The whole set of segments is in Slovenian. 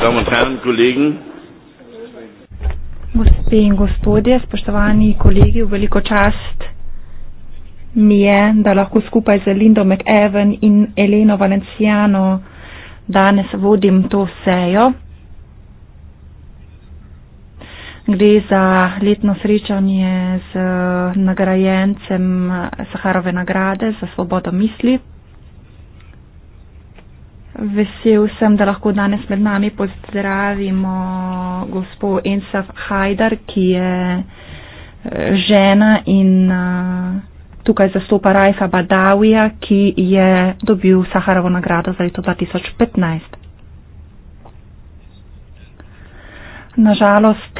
Damen und Herren, Kollegen. Gospe in gospodje, spoštovani kolegi, v veliko čast mi je, da lahko skupaj z Lindo McEwen in Eleno Valenciano danes vodim to sejo. Gre za letno srečanje z nagrajencem Saharove nagrade za svobodo misli. Vesel sem, da lahko danes med nami pozdravimo gospod Ensaf Hajdar, ki je eh, žena in eh, tukaj zastopa Rajfa Badawija, ki je dobil Saharovo nagrado za leto 2015. Nažalost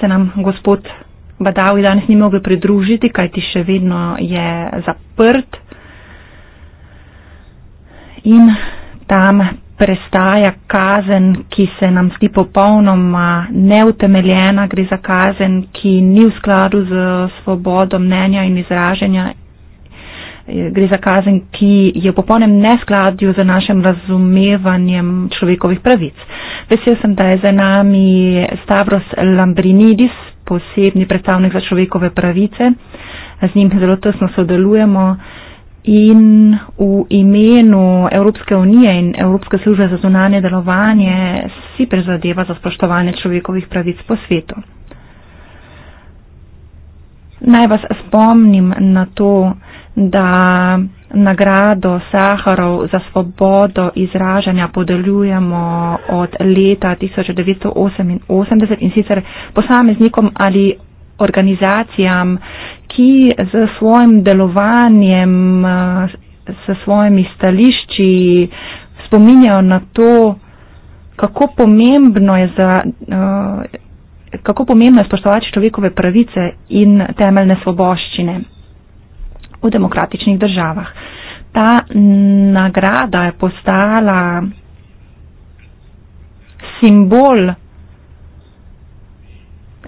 se nam gospod Badawi danes ni mogel pridružiti, kajti še vedno je zaprt. In tam prestaja kazen, ki se nam zdi popolnoma neutemeljena, gre za kazen, ki ni v skladu z svobodo mnenja in izražanja, gre za kazen, ki je v popolnem neskladju z našim razumevanjem človekovih pravic. Vesel sem, da je za nami Stavros Lambrinidis, posebni predstavnik za človekove pravice. Z njim zelo tesno sodelujemo in v imenu Evropske unije in Evropske službe za zunanje delovanje si prizadeva za spoštovanje človekovih pravic po svetu. Naj vas spomnim na to, da nagrado Saharov za svobodo izražanja podeljujemo od leta 1988 in sicer posameznikom ali organizacijam, ki z svojim delovanjem, eh, s svojimi stališči spominjajo na to, kako pomembno je za. Uh, kako pomembno je spoštovati človekove pravice in temeljne svoboščine v demokratičnih državah. Ta nagrada je postala simbol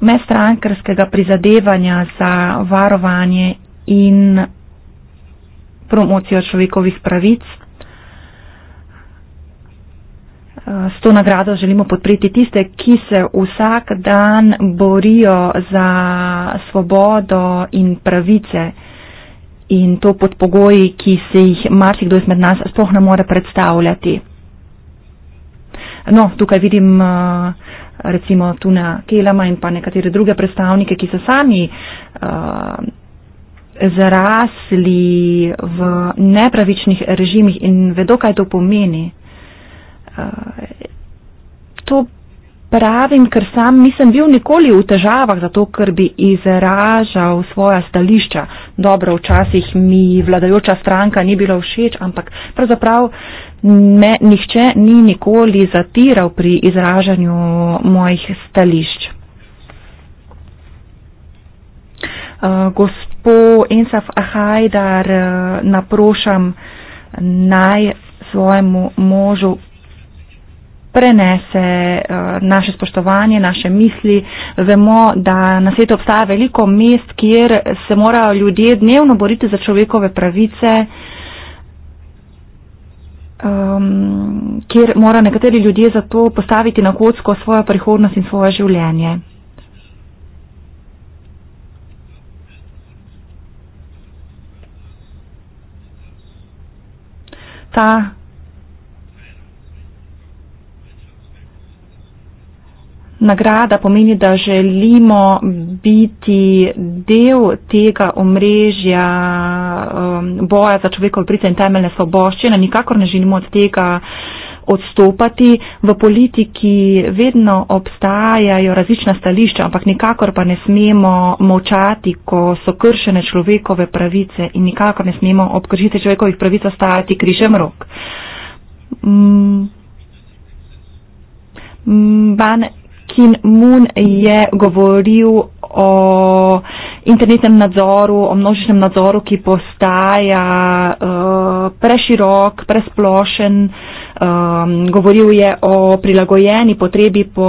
nestrankarskega prizadevanja za varovanje in promocijo človekovih pravic. S to nagrado želimo podpreti tiste, ki se vsak dan borijo za svobodo in pravice in to pod pogoji, ki se jih marsikdo izmed nas sploh ne more predstavljati. No, tukaj vidim uh, recimo tu na Kelama in pa nekatere druge predstavnike, ki so sami uh, eh, zarasli v nepravičnih režimih in vedo, kaj to pomeni. Uh, to pravim, ker sam nisem bil nikoli v težavah zato, ker bi izražal svoja stališča. Dobro, včasih mi vladajoča stranka ni bila všeč, ampak pravzaprav uh, me, nihče ni nikoli zatiral pri izražanju mojih stališč. Uh, eh, gospod Ensaf Ahajdar, uh, eh, naprošam naj svojemu možu prenese uh, naše spoštovanje, naše misli. Vemo, da na svetu obstaja veliko mest, kjer se morajo ljudje dnevno boriti za človekove pravice. Uh, um, kjer mora nekateri ljudje zato postaviti na kocko svojo prihodnost in svoje življenje. Ta Nagrada pomeni, da želimo biti del tega omrežja um, boja za človekove price in temeljne svoboščine. Nikakor ne želimo od tega odstopati. V politiki vedno obstajajo različna stališča, ampak nikakor pa ne smemo močati, ko so kršene človekove pravice in nikakor ne smemo ob kršitve človekovih pravic ostajati križem rok. Mm. Mm, Kim Moon je govoril o internetnem nadzoru, o množičnem nadzoru, ki postaja uh, preširok, presplošen. Um, govoril je o prilagojeni potrebi po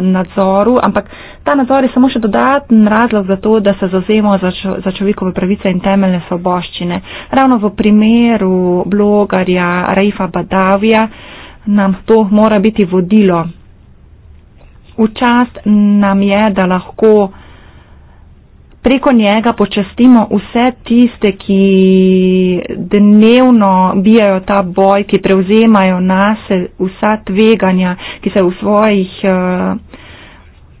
nadzoru, ampak ta nadzor je samo še dodaten razlog za to, da se zauzemo za, čo, za človekove pravice in temeljne svoboščine. Ravno v primeru blogarja Raifa Badavija nam to mora biti vodilo. Včast nam je, da lahko preko njega počestimo vse tiste, ki dnevno bijajo ta boj, ki prevzemajo nase vsa tveganja, ki se v svojih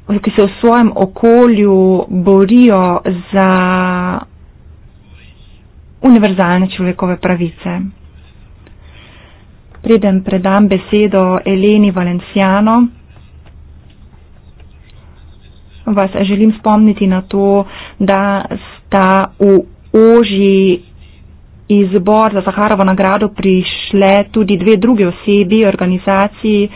eh, ki se v svojem okolju borijo za univerzalne človekove pravice. Preden predam besedo Eleni Valencijano, vas želim spomniti na to, da sta v oži izbor za Zaharovo nagrado prišle tudi dve druge osebi, organizaciji,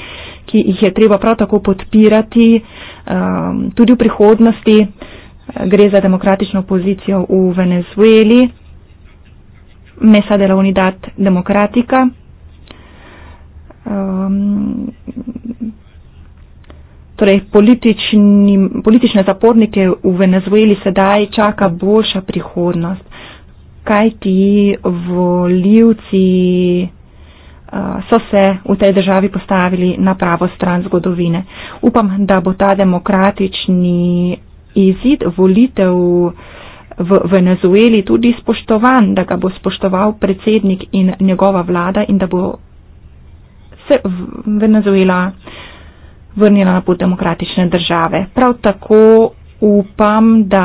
ki jih je treba prav tako podpirati um, tudi v prihodnosti. Gre za demokratično opozicijo v Venezueli, Mesa de la Unidad Democratica. Um, Torej, politične zapornike v Venezueli sedaj čaka boljša prihodnost, kaj ti voljivci so se v tej državi postavili na pravo stran zgodovine. Upam, da bo ta demokratični izid volitev v Venezueli tudi spoštovan, da ga bo spoštoval predsednik in njegova vlada in da bo se Venezuela uh, vrnila na put demokratične države. Prav tako upam, da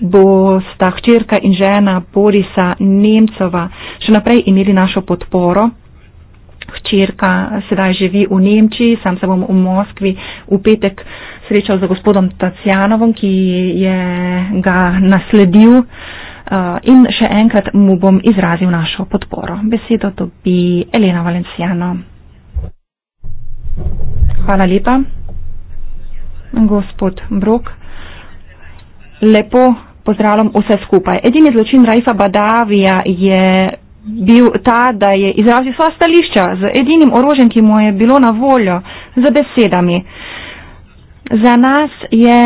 bo sta hčerka in žena Borisa Nemcova še naprej imeli našo podporo. Hčerka sedaj živi v Nemčiji, sam se bom v Moskvi v petek srečal z gospodom Tacijanovom, ki je ga nasledil eh, in še enkrat mu bom izrazil našo podporo. Besedo dobi Elena Valencijano. Hvala lepa. Gospod Brok, lepo pozdravljam vse skupaj. Edini zločin Raifa Badavija je bil ta, da je izrazil svoja stališča z edinim orožjem, ki mu je bilo na voljo, z besedami. Za nas je.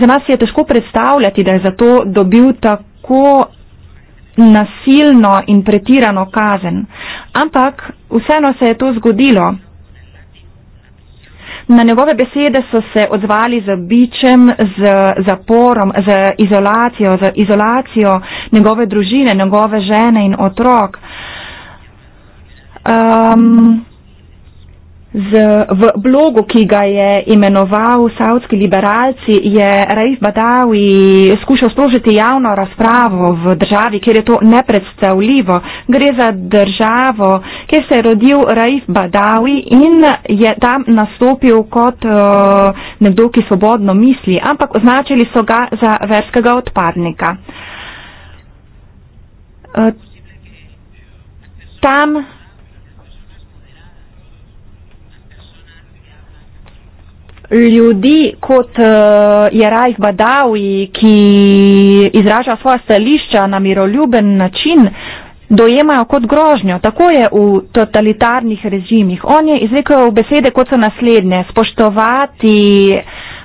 Za nas je težko predstavljati, da je zato dobil tako nasilno in pretirano kazen. Ampak vseeno se je to zgodilo. Na njegove besede so se odzvali z bičem, z zaporom, z izolacijo, z izolacijo njegove družine, njegove žene in otrok. Um, Z, v blogu, ki ga je imenoval Saudski liberalci, je Raif Badawi skušal sprožiti javno razpravo v državi, kjer je to nepredstavljivo. Gre za državo, kjer se je rodil Raif Badawi in je tam nastopil kot uh, nekdo, ki svobodno misli, ampak označili so ga za verskega odpadnika. Uh, tam ljudi kot uh, je Rajf Badawi, ki izraža svoja stališča na miroljuben način, dojemajo kot grožnjo. Tako je v totalitarnih režimih. On je izrekel besede kot so naslednje. Spoštovati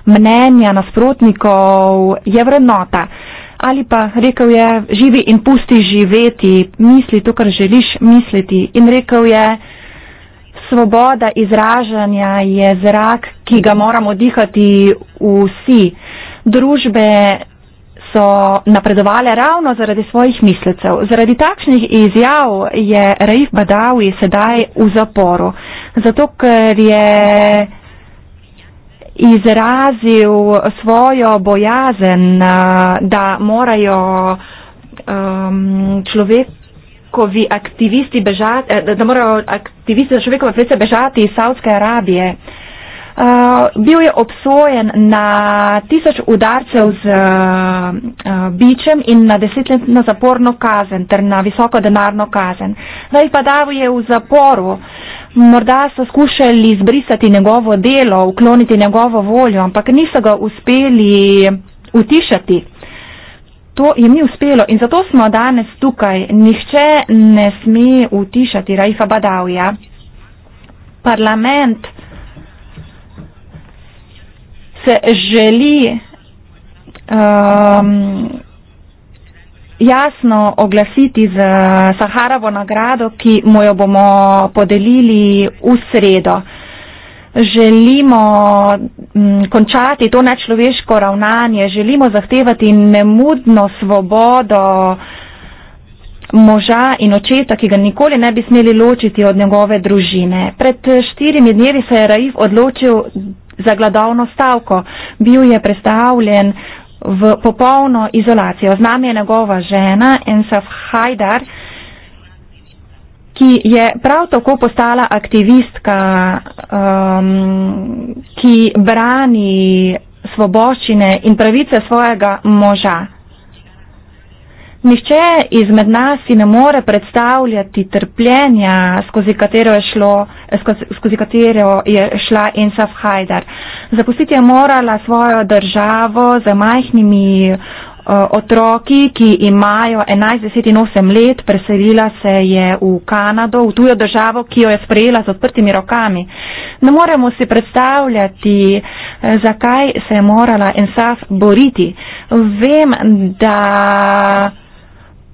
mnenja nasprotnikov je vrednota. Ali pa rekel je, živi in pusti živeti, misli to, kar želiš misliti. In rekel je, svoboda izražanja je zrak, ki ga moramo dihati vsi. Družbe so napredovale ravno zaradi svojih mislecev. Zaradi takšnih izjav je Raif Badawi sedaj v zaporu. Zato, ker je izrazil svojo bojazen, eh, da morajo um, človek, ko vi aktivisti bežati, eh, da morajo aktivisti za človekove pravice bežati iz Saudske Arabije. Uh, bil je obsojen na tisoč udarcev z uh, bičem in na desetletno zaporno kazen ter na visoko denarno kazen. Zdaj no, pa Davo je v zaporu. Morda so skušali zbrisati njegovo delo, ukloniti njegovo voljo, ampak niso ga uspeli utišati. Uh, to jim ni uspelo in zato smo danes tukaj. Nihče ne sme utišati Raifa Badavija. Parlament se želi um, jasno oglasiti z uh, Saharovo nagrado, ki mu jo bomo podelili v sredo želimo mm, končati to nečloveško ravnanje, želimo zahtevati nemudno svobodo moža in očeta, ki ga nikoli ne bi smeli ločiti od njegove družine. Pred štirimi dnevi se je Raif odločil za gladovno stavko. Bil je predstavljen v popolno izolacijo. Z nami je njegova žena Ensaf Hajdar ki je prav tako postala aktivistka, um, ki brani svoboščine in pravice svojega moža. Nihče izmed nas si ne more predstavljati trpljenja, skozi katero je, šlo, skozi, skozi katero je šla Ensaf Haidar. Zapustiti je morala svojo državo za majhnimi uh, Eh, otroki, ki imajo 11-18 let, preselila se je v Kanado, v tujo državo, ki jo je sprejela z odprtimi rokami. Ne moremo si predstavljati, eh, zakaj se je morala Ensaf boriti. Vem, da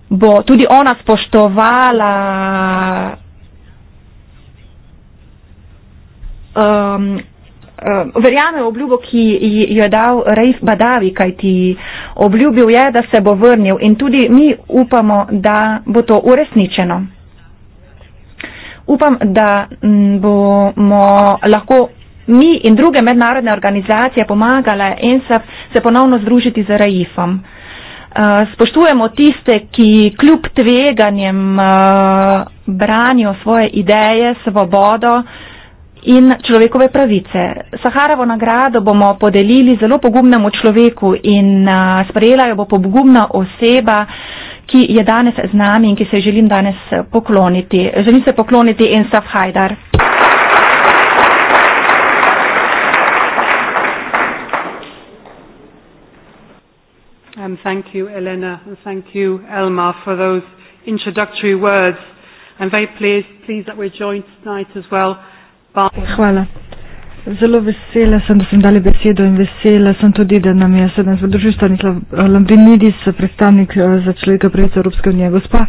bo tudi ona spoštovala um, uh, verjame v obljubo, ki jo je dal Raif Badavi, kaj ti obljubil je, da se bo vrnil in tudi mi upamo, da bo to uresničeno. Upam, da bomo lahko mi in druge mednarodne organizacije pomagale ENSAP se ponovno združiti z Raifom. Ehm, spoštujemo tiste, ki kljub tveganjem ehm, branijo svoje ideje, svobodo, in človekove pravice. Saharovo nagrado bomo podelili zelo pogumnemu človeku in sprejela jo bo pogumna oseba, ki je danes z nami in ki se želim danes e, pokloniti. Želim se pokloniti Ensaf Hajdar. And thank you, Elena, and thank you, Elmar, for those introductory words. I'm very pleased, pleased that we're joined tonight as well Hvala. Zelo vesela sem, da sem dali besedo in vesela sem tudi, da nam je sedaj zvedožil Stanislav eh, Lambinidis, eh, predstavnik eh, za človeka pravice Evropske unije. Gospa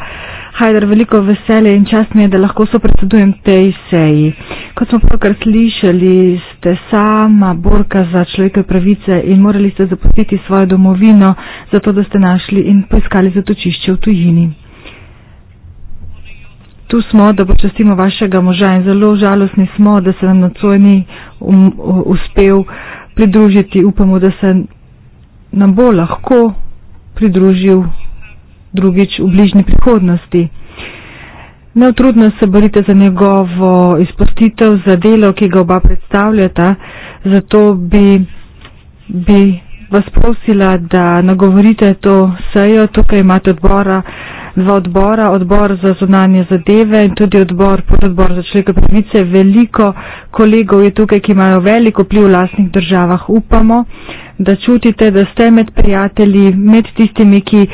Hajder, veliko veselje in čast mi je, da lahko sopredsedujem tej seji. Kot smo pokar slišali, ste sama borka za človeka pravice in morali ste zapustiti svojo domovino, zato da ste našli in poiskali zatočišče v tujini tu smo, da počastimo vašega moža in zelo žalostni smo, da se nam nocoj ni um, uspel pridružiti. Upamo, da se nam bo lahko pridružil drugič v bližnji prihodnosti. Neutrudno se borite za njegovo izpostitev, za delo, ki ga oba predstavljata, zato bi, bi vas prosila, da nagovorite to sejo, tukaj imate odbora. Uh, dva odbora, odbor za zunanje zadeve in tudi odbor, pododbor za človekove pravice. Veliko kolegov je tukaj, ki imajo veliko pliv v lastnih državah. Upamo, da čutite, da ste med prijatelji, med tistimi, ki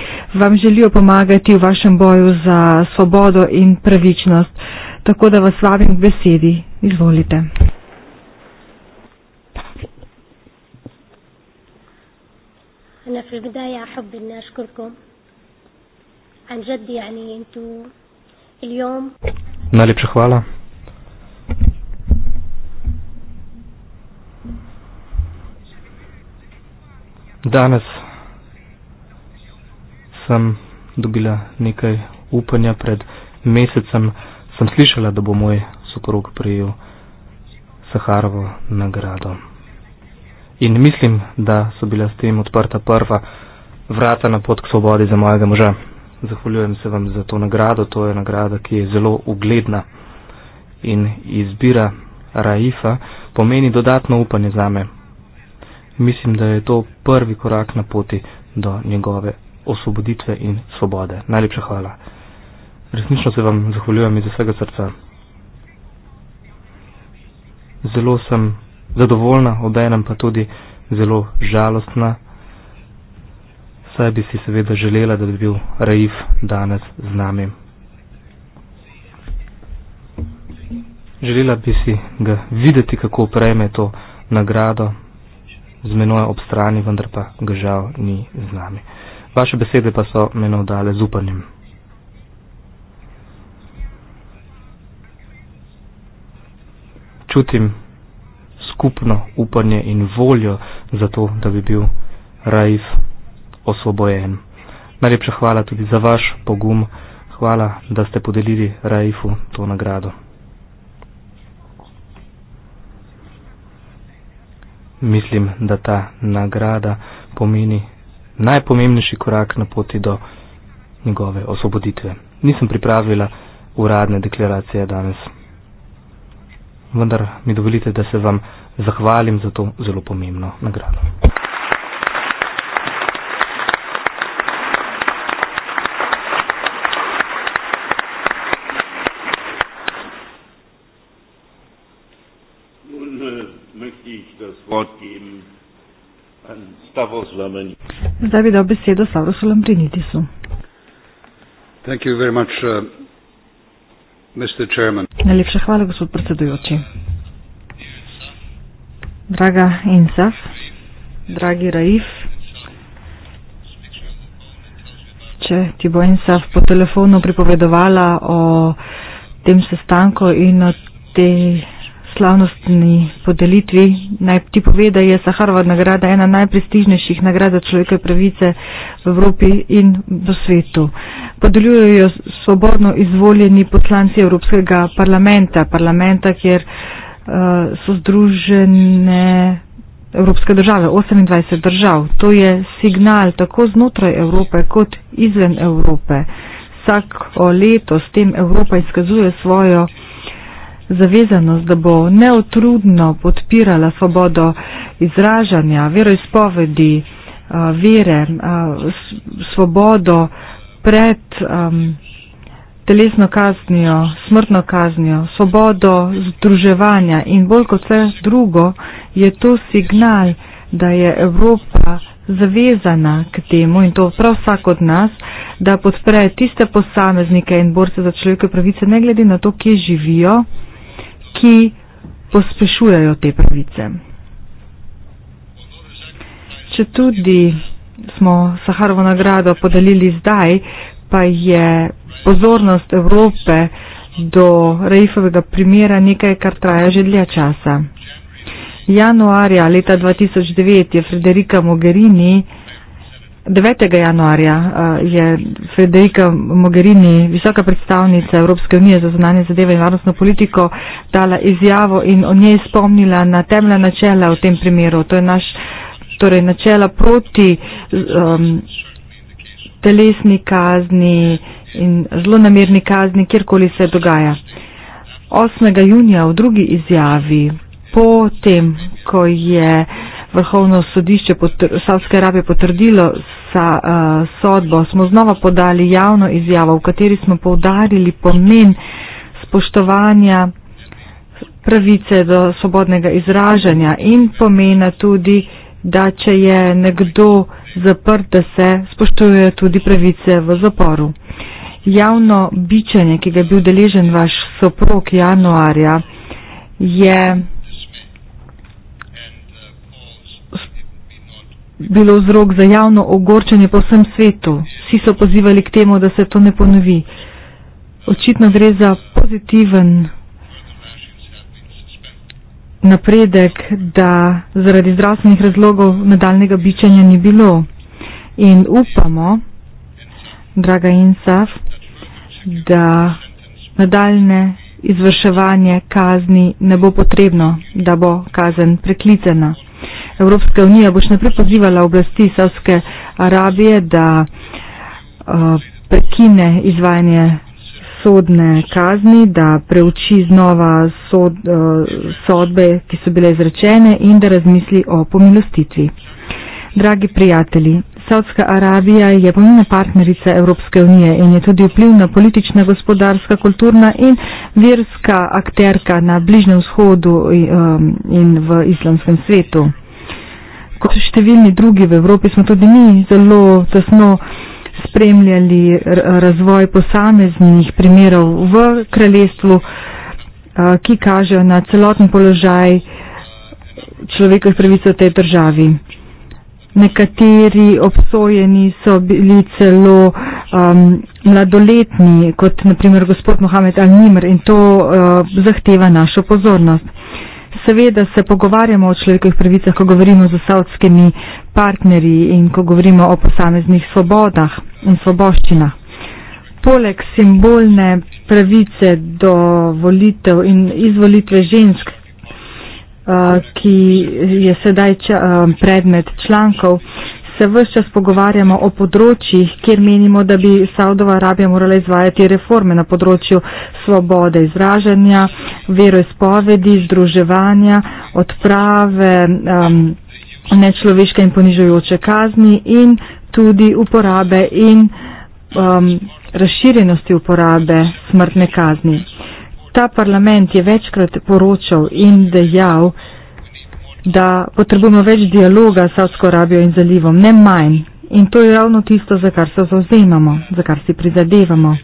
vam želijo pomagati v vašem boju za svobodo in pravičnost. Tako da vas vabim k besedi. Izvolite. أنا في البداية أحب أن أشكركم عن جد يعني انتو اليوم مالي بشخوالة Danes sem dobila nekaj upanja, pred mesecem sem slišala, da bo moj soprog prijel Saharovo nagrado. In mislim, da so bila s tem odprta prva vrata na pot k svobodi za mojega moža. Zahvaljujem se vam za to nagrado. To je nagrada, ki je zelo ugledna in izbira Raifa pomeni dodatno upanje zame. Mislim, da je to prvi korak na poti do njegove osvoboditve in svobode. Najlepša hvala. Resnično se vam zahvaljujem iz vsega srca. Zelo sem zadovoljna, obenem pa tudi zelo žalostna saj bi si seveda želela, da bi bil Raif danes z nami. Želela bi si ga videti, kako prejme to nagrado, z menoj ob strani, vendar pa ga žal ni z nami. Vaše besede pa so me navdale z upanjem. Čutim skupno upanje in voljo za to, da bi bil Raif osvobojen. Najlepša hvala tudi za vaš pogum, hvala, da ste podelili Raifu to nagrado. Mislim, da ta nagrada pomeni najpomembnejši korak na poti do njegove osvoboditve. Nisem pripravila uradne deklaracije danes, vendar mi dovolite, da se vam zahvalim za to zelo pomembno nagrado. Kristovo znamenje. Zdaj bi dal besedo Saurusu Lambrinitisu. Thank you very much, uh, Mr. Chairman. Najlepša hvala, gospod predsedujoči. Draga Insaf, dragi Raif, če ti bo Insaf po telefonu pripovedovala o tem sestanku in o tej slavnostni podelitvi. Naj ti pove, da je Saharova nagrada ena najprestižnejših nagrad za človekove pravice v Evropi in v svetu. Podeljujejo svobodno izvoljeni poslanci Evropskega parlamenta, parlamenta, kjer uh, so združene Evropske države, 28 držav. To je signal tako znotraj Evrope kot izven Evrope. Vsako leto s tem Evropa izkazuje svojo zavezanost, da bo neotrudno podpirala svobodo izražanja, veroizpovedi, eh, vere, eh, svobodo pred ehm, telesno kaznijo, smrtno kaznijo, svobodo združevanja in bolj kot vse drugo je to signal, da je Evropa zavezana k temu in to prav vsak od nas, da podpre tiste posameznike in borce za človekove pravice, ne glede na to, kje živijo ki pospešujajo te pravice. Če tudi smo Saharovo nagrado podelili zdaj, pa je pozornost Evrope do Raifovega primera nekaj, kar traja že dlje časa. Januarja leta 2009 je Frederika Mogherini 9. januarja eh, je Federica Mogherini, visoka predstavnica Evropske unije za zunanje zadeve in varnostno politiko, dala izjavo in o njej spomnila na temeljna načela v tem primeru. To je naš, torej načela proti um, telesni kazni in zlonamerni kazni, kjerkoli se dogaja. 8. junija v drugi izjavi, po tem, ko je. Vrhovno sodišče Savske Arabije potrdilo sa, uh, sodbo, smo znova podali javno izjavo, v kateri smo povdarili pomen spoštovanja pravice do svobodnega izražanja in pomena tudi, da če je nekdo zaprt, da se spoštujejo tudi pravice v zaporu. Javno bičenje, ki ga je bil deležen vaš soprok januarja, je bilo vzrok za javno ogorčenje po vsem svetu. Vsi so pozivali k temu, da se to ne ponovi. Očitno gre za pozitiven napredek, da zaradi zdravstvenih razlogov nadaljnega bičanja ni bilo. In upamo, draga Insaf, da nadaljne izvrševanje kazni ne bo potrebno, da bo kazen preklicena. Evropska unija boš naprej pozivala oblasti Savske Arabije, da eh, prekine izvajanje sodne kazni, da preuči znova sod, eh, sodbe, ki so bile izrečene in da razmisli o pomilostitvi. Dragi prijatelji, Saudska Arabija je pomembna partnerica Evropske unije in je tudi vplivna politična, gospodarska, kulturna in verska akterka na Bližnem vzhodu eh, in v islamskem svetu kot so številni drugi v Evropi, smo tudi mi zelo tesno spremljali razvoj posameznih primerov v kraljestvu, ki kažejo na celoten položaj človekovih pravic v tej državi. Nekateri obsojeni so bili celo um, mladoletni, kot naprimer gospod Mohamed Al-Nimr in to uh, zahteva našo pozornost. Seveda se pogovarjamo o človekovih pravicah, ko govorimo z saudskimi partnerji in ko govorimo o posameznih svobodah in svoboščinah. Poleg simbolne pravice do volitev in izvolitve žensk, uh, ki je sedaj uh, predmet člankov, se vse čas pogovarjamo o področjih, kjer menimo, da bi Saudova Arabija morala izvajati reforme na področju svobode izražanja, veroizpovedi, združevanja, odprave um, nečloveške in ponižujoče kazni in tudi uporabe in um, razširjenosti uporabe smrtne kazni. Ta parlament je večkrat poročal in dejal, da potrebujemo več dialoga s Savdsko Arabijo in zalivom, ne manj. In to je ravno tisto, za kar se zauzemamo, za kar si prizadevamo.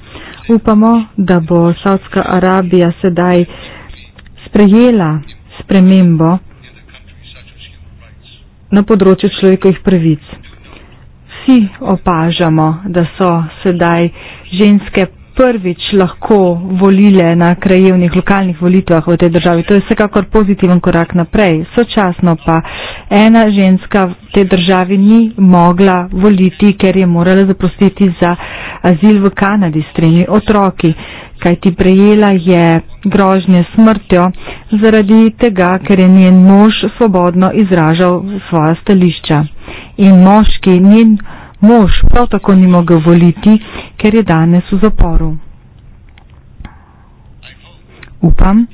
Upamo, da bo Savdska Arabija sedaj sprejela spremembo na področju človekovih pravic. Vsi opažamo, da so sedaj ženske prvič lahko volile na krajevnih lokalnih volitvah v tej državi. To je vsekakor pozitiven korak naprej. Sočasno pa ena ženska v tej državi ni mogla voliti, ker je morala zaprostiti za azil v Kanadi s tremi otroki, kajti prejela je grožnje smrtjo zaradi tega, ker je njen mož svobodno izražal svoja stališča. In moški, njen mož prav tako ni mogel voliti, ker je danes v zaporu. Upam,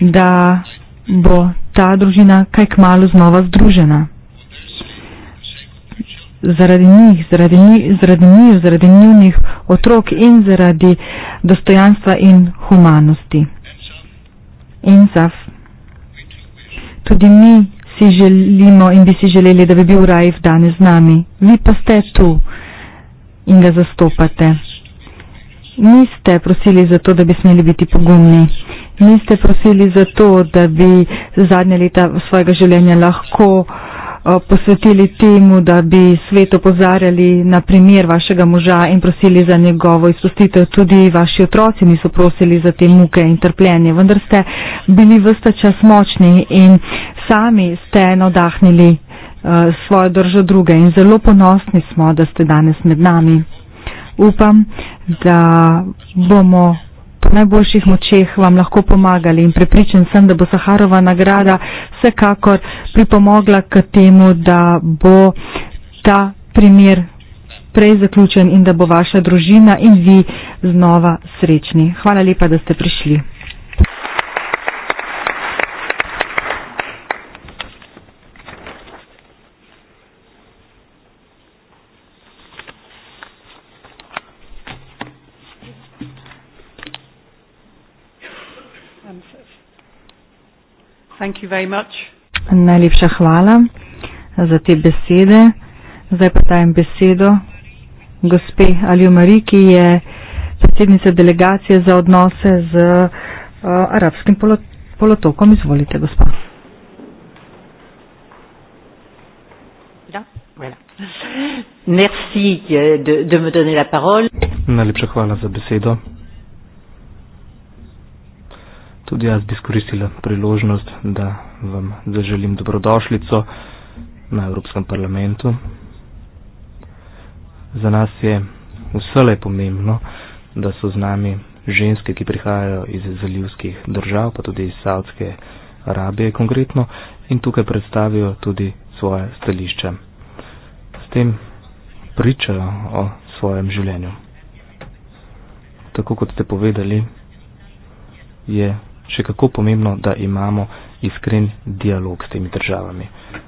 da bo ta družina kaj k malu znova združena. Zaradi njih, zaradi njih, zaradi njih, zaradi njihovih otrok in zaradi dostojanstva in humanosti. In zav. Tudi mi si želimo in bi si želeli, da bi bil Rajiv danes z nami. Vi pa ste tu in ga zastopate. Niste prosili za to, da bi smeli biti pogumni. Niste prosili za to, da bi zadnja leta svojega življenja lahko eh, posvetili temu, da bi svet opozarjali na primer vašega moža in prosili za njegovo izpustitev. Tudi vaši otroci niso prosili za te muke in trpljenje, vendar ste bili vsta čas močni in sami ste navdahnili Eh, svojo držo druge in zelo ponosni smo, da ste danes med nami. Upam, da bomo po najboljših močeh vam lahko pomagali in prepričan sem, da bo Saharova nagrada vsekakor pripomogla k temu, da bo ta primer prej zaključen in da bo vaša družina in vi znova srečni. Hvala lepa, da ste prišli. Najlepša hvala za te besede. Zdaj pa dajem besedo gospe Alju Mari, ki je predsednica delegacije za odnose z uh, arabskim polotokom. Izvolite, gospa. Euh, Najlepša hvala za besedo tudi jaz bi skoristila priložnost, da vam zaželim dobrodošlico na Evropskem parlamentu. Za nas je vsele pomembno, da so z nami ženske, ki prihajajo iz zalivskih držav, pa tudi iz Saudske Arabije konkretno in tukaj predstavijo tudi svoje stališče. S tem pričajo o svojem življenju. Tako kot ste povedali, je še kako pomembno, da imamo iskren dialog s temi državami.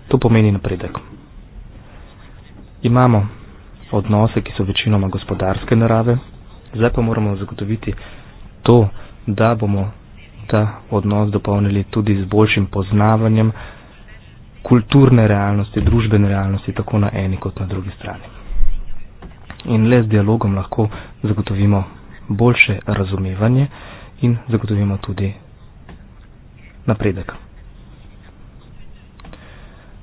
To pomeni napredek. Imamo odnose, ki so večinoma gospodarske narave, zdaj pa moramo zagotoviti to, da bomo ta odnos dopolnili tudi z boljšim poznavanjem kulturne realnosti, družbene realnosti, tako na eni kot na drugi strani. In le z dialogom lahko zagotovimo boljše razumevanje in zagotovimo tudi napredek.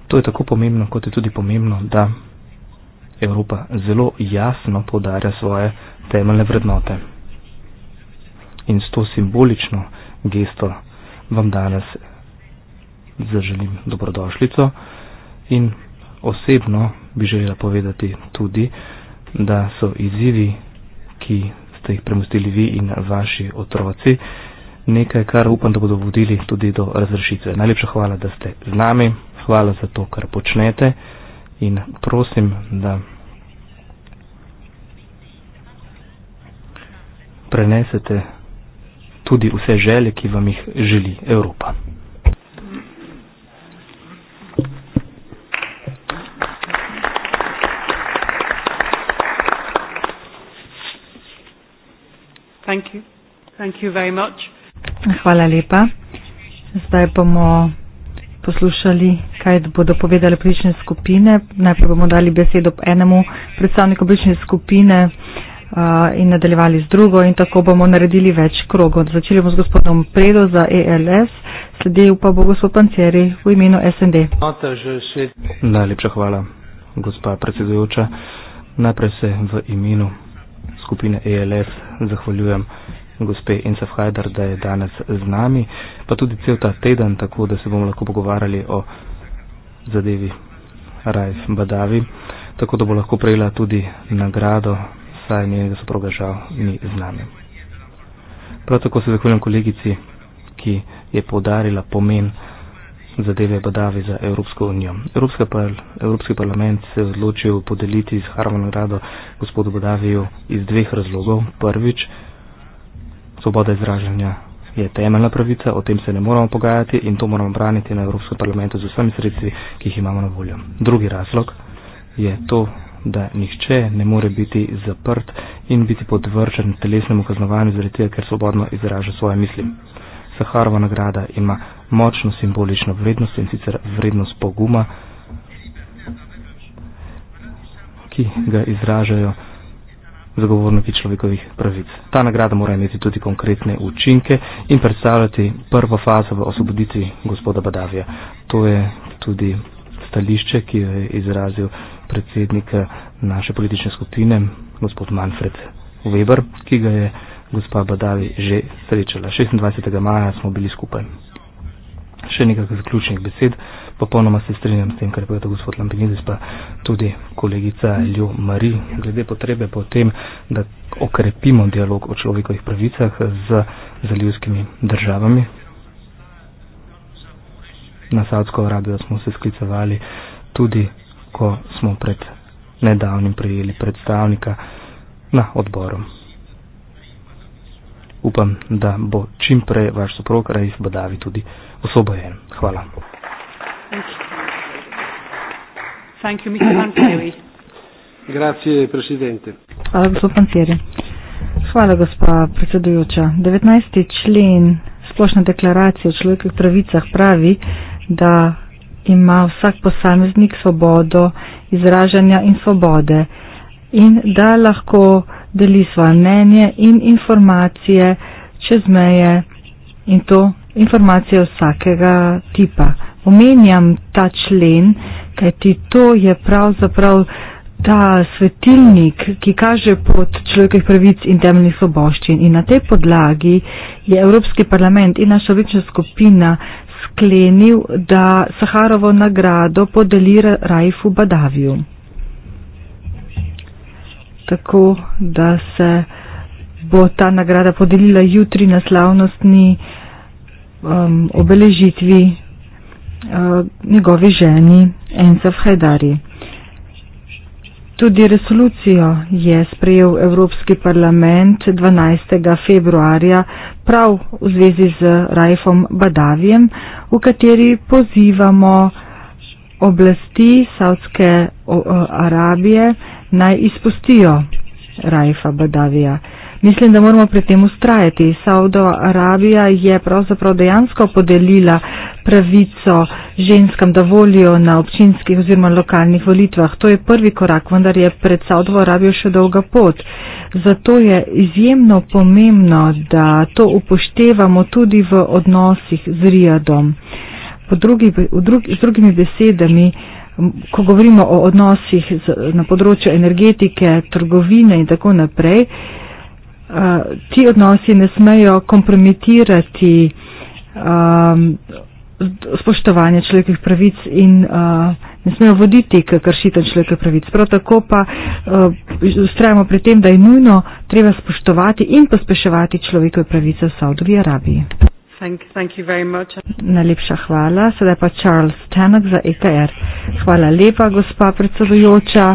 To je tako pomembno, kot je tudi pomembno, da Evropa zelo jasno podarja svoje temeljne vrednote. In s to simbolično gesto vam danes zaželim dobrodošljico in osebno bi želela povedati tudi, da so izzivi, ki ste jih premustili vi in vaši otroci, nekaj, kar upam, da bodo vodili tudi do razrešitve. Najlepša hvala, da ste z nami, hvala za to, kar počnete in prosim, da prenesete tudi vse želje, ki vam jih želi Evropa. Thank you. Thank you very much. Hvala lepa. Zdaj bomo poslušali, kaj bodo povedali prične skupine. Najprej bomo dali besedo enemu predstavniku prične skupine uh, in nadaljevali z drugo in tako bomo naredili več krogov. Začeli bomo z gospodom Predo za ELS, sledil pa bo gospod Panceri v imenu SND. Najlepša hvala, gospa predsedujoča. Najprej se v imenu skupine ELS zahvaljujem gospe Ince Freider, da je danes z nami, pa tudi cel ta teden, tako da se bomo lahko pogovarjali o zadevi Rajf Badavi, tako da bo lahko prejela tudi nagrado, saj njenega soproga žal ni z nami. Prav tako se zahvaljujem kolegici, ki je podarila pomen zadeve Badavi za Evropsko unijo. Evropska par, Evropski parlament se je odločil podeliti z Harvard nagrado gospodu Badaviju iz dveh razlogov. Prvič, svoboda izražanja je temeljna pravica, o tem se ne moramo pogajati in to moramo braniti na Evropskem parlamentu z vsemi sredstvi, ki jih imamo na voljo. Drugi razlog je to, da nihče ne more biti zaprt in biti podvržen telesnemu kaznovanju zaradi tega, ker svobodno izraža svoje misli. Saharova nagrada ima močno simbolično vrednost in sicer vrednost poguma, ki ga izražajo zagovorniki človekovih pravic. Ta nagrada mora imeti tudi konkretne učinke in predstavljati prvo fazo v osvoboditvi gospoda Badavija. To je tudi stališče, ki je izrazil predsednik eh, naše politične skupine, gospod Manfred Weber, ki ga je gospa Badavi že srečala. 26. maja smo bili skupaj. Še nekaj zaključnih besed. Popolnoma se strinjam s tem, kar je povedal gospod Lampinidis, pa tudi kolegica Ljo Mari, glede potrebe po tem, da okrepimo dialog o človekovih pravicah z zalivskimi državami. Na Savtsko Arabijo smo se sklicevali tudi, ko smo pred nedavnim prijeli predstavnika na odboru. Upam, da bo čim prej vaš soprog Raif Badavi tudi osvobojen. Hvala. Thank you, Grazie Presidente. Hvala, gospod Pantieri. Hvala, gospa predsedujoča. 19. člen splošne deklaracije o človekovih pravicah pravi, da ima vsak posameznik svobodo izražanja in svobode in da lahko deli svoje mnenje in informacije čez meje in to informacije vsakega tipa, omenjam ta člen, kajti to je pravzaprav ta svetilnik, ki kaže pot človekovih pravic in temeljnih soboščin. In na tej podlagi je Evropski parlament in naša večna skupina sklenil, da Saharovo nagrado podeli Rajfu Badaviju. Tako da se bo ta nagrada podelila jutri na slavnostni um, obeležitvi Eh, njegovi ženi Encef Hajdari. Tudi resolucijo je sprejel Evropski parlament 12. februarja prav v zvezi z Rajfom Badavijem, v kateri pozivamo oblasti Saudske eh, Arabije naj izpustijo Rajfa Badavija. Mislim, da moramo pri tem ustrajati. Saudo Arabija je pravzaprav dejansko podelila pravico ženskam, da volijo na občinskih oziroma lokalnih volitvah. To je prvi korak, vendar je pred Saudo Arabijo še dolga pot. Zato je izjemno pomembno, da to upoštevamo tudi v odnosih z Rijadom. Drugi, drugi, z drugimi besedami, ko govorimo o odnosih z, na področju energetike, trgovine in tako naprej, Eh, ti odnosi ne smejo kompromitirati um, spoštovanja človekovih pravic in uh, ne smejo voditi k kršitev človekovih pravic. Prav tako pa uh, eh, ustrajamo pri tem, da je nujno treba spoštovati in pospeševati človekove pravice v Saudovi Arabiji. Thank, thank you very much. Najlepša hvala. Sedaj pa Charles Tanak za EKR. Hvala lepa, gospa predsedujoča.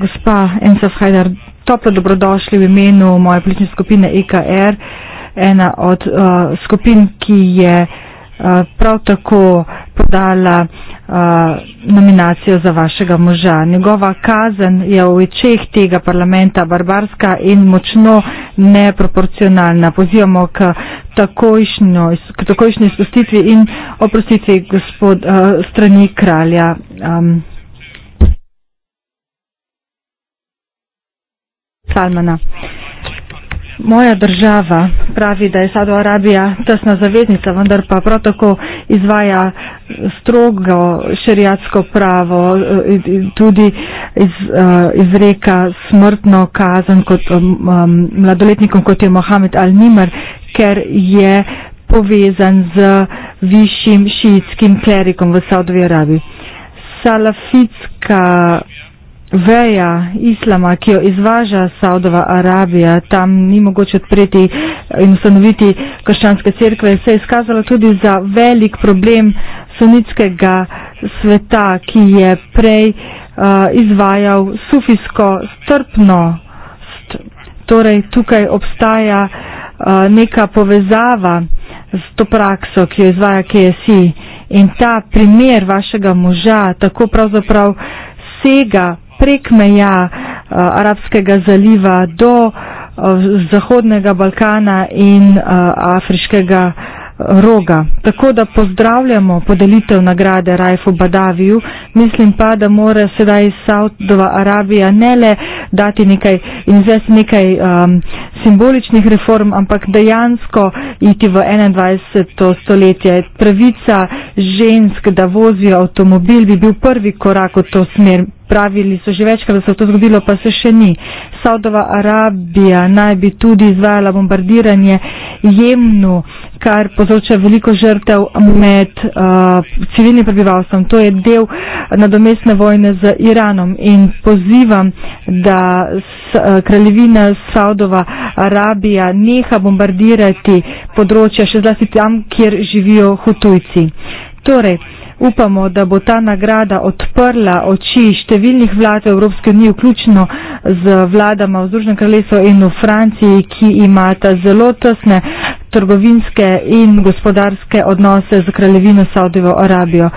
Gospa Ensaf Hajdar toplo dobrodošli v imenu moje politične skupine EKR, ena od uh, skupin, ki je uh, prav tako podala uh, nominacijo za vašega moža. Njegova kazen je v večjih tega parlamenta barbarska in močno neproporcionalna. Pozivamo k takojšnji izpustitvi in oprostitvi gospod uh, strani kralja. Um, Salmana. Moja država pravi, da je Sadova Arabija tesna zaveznica, vendar pa prav tako izvaja strogo šerijatsko pravo eh, in tudi iz, eh, izreka smrtno kazen kot um, mladoletnikom, kot je Mohamed Al-Nimr, ker je povezan z višjim šiitskim klerikom v Sadovi Arabiji. Salafitska veja islama, ki jo izvaža Saudova Arabija, tam ni mogoče odpreti in ustanoviti krščanske cerkve, se je izkazalo tudi za velik problem sunitskega sveta, ki je prej uh, izvajal sufijsko strpnost. Torej, tukaj obstaja uh, neka povezava s to prakso, ki jo izvaja KSI. In ta primer vašega moža tako pravzaprav sega prek meja uh, Arabskega zaliva do uh, Zahodnega Balkana in uh, Afriškega roga. Tako da pozdravljamo podelitev nagrade Rajfu Badaviju, mislim pa, da mora sedaj Saudova Arabija ne le uh, dati nekaj in zvesti nekaj um, simboličnih reform, ampak dejansko iti v 21. stoletje. Pravica žensk, da vozijo avtomobil, bi bil prvi korak v to smer. Pravili so že večkrat, da se je to zgodilo, pa se še ni. Saudova Arabija naj bi tudi izvajala bombardiranje jemnu kar povzroča veliko žrtev med uh, civilnim prebivalstvom. To je del eh, nadomestne vojne z Iranom in pozivam, da s, uh, kraljevina Saudova Arabija neha bombardirati področja, še zlasti tam, kjer živijo hutujci. Torej, upamo, da bo ta nagrada odprla oči številnih vlad Evropske unije, vključno z vladama v Združenem kraljestvu in v Franciji, ki imata zelo tesne trgovinske in gospodarske odnose z kraljevino Saudijo Arabijo.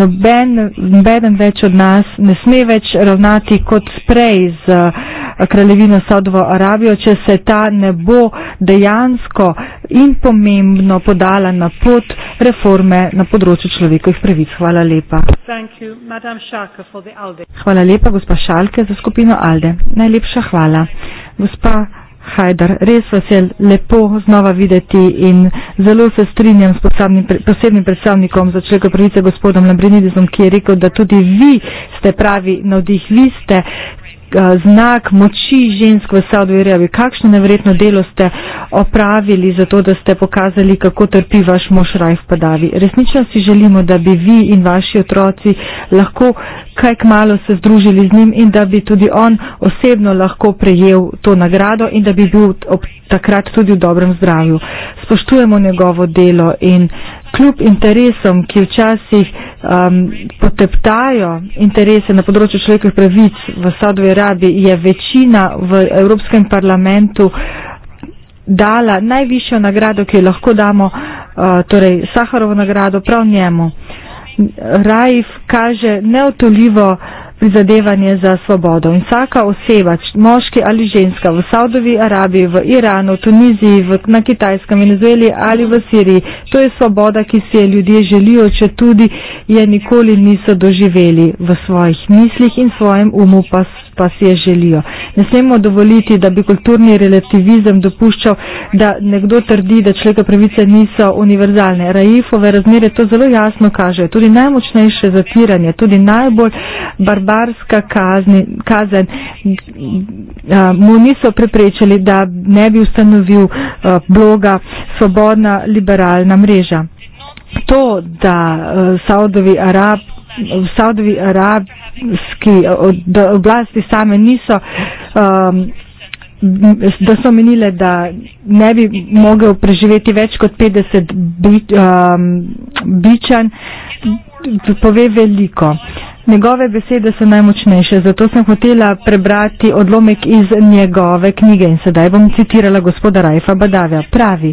Noben, nobeden več od nas ne sme več ravnati kot prej z eh, kraljevino Saudijo Arabijo, če se ta ne bo dejansko in pomembno podala na pot reforme na področju človekovih pravic. Hvala lepa. You, hvala lepa, gospa Šalke, za skupino Alde. Najlepša hvala. Gospa Hajdar, res vas je lepo znova videti in zelo se strinjam s posebnim predstavnikom za človekove pravice, gospodom Lambrinidisom, ki je rekel, da tudi vi ste pravi navdih, vi ste Eh, znak moči žensk v Saudi Arabiji. Kakšno nevredno delo ste opravili za to, da ste pokazali, kako trpi vaš mož Rajf Padavi. Resnično si želimo, da bi vi in vaši otroci lahko kaj k malo se združili z njim in da bi tudi on osebno lahko prejel to nagrado in da bi bil takrat tudi v dobrem zdravju. Spoštujemo njegovo delo in kljub interesom, ki včasih um, poteptajo interese na področju človekovih pravic v Saudovi Arabiji, je večina v Evropskem parlamentu dala najvišjo nagrado, ki jo lahko damo, uh, torej Saharovo nagrado, prav njemu. Rajf kaže neotoljivo uh, prizadevanje za svobodo. In vsaka oseba, moški ali ženska v Saudovi Arabiji, v Iranu, Tuniziji, v, na Kitajskem, Venezueli ali v Siriji, to je svoboda, ki si je ljudje želijo, če tudi je nikoli niso doživeli v svojih mislih in svojem umu pa pa si je želijo. Ne smemo dovoliti, da bi kulturni relativizem dopuščal, da nekdo trdi, da človeka pravice niso univerzalne. Raifove razmere to zelo jasno kaže. Tudi najmočnejše zatiranje, tudi najbolj barbarska kazni, kazen a, mu niso preprečili, da ne bi ustanovil a, bloga Svobodna liberalna mreža. To, da Saudovi Arabi v Saudovi arabski eh, oblasti same niso, um, da so menile, da ne bi mogel preživeti več kot 50 bi, um, bičan, pove veliko. Uh, Njegove besede so najmočnejše, zato sem hotela prebrati odlomek iz njegove knjige in sedaj bom citirala gospoda Rajfa Badavja. Pravi,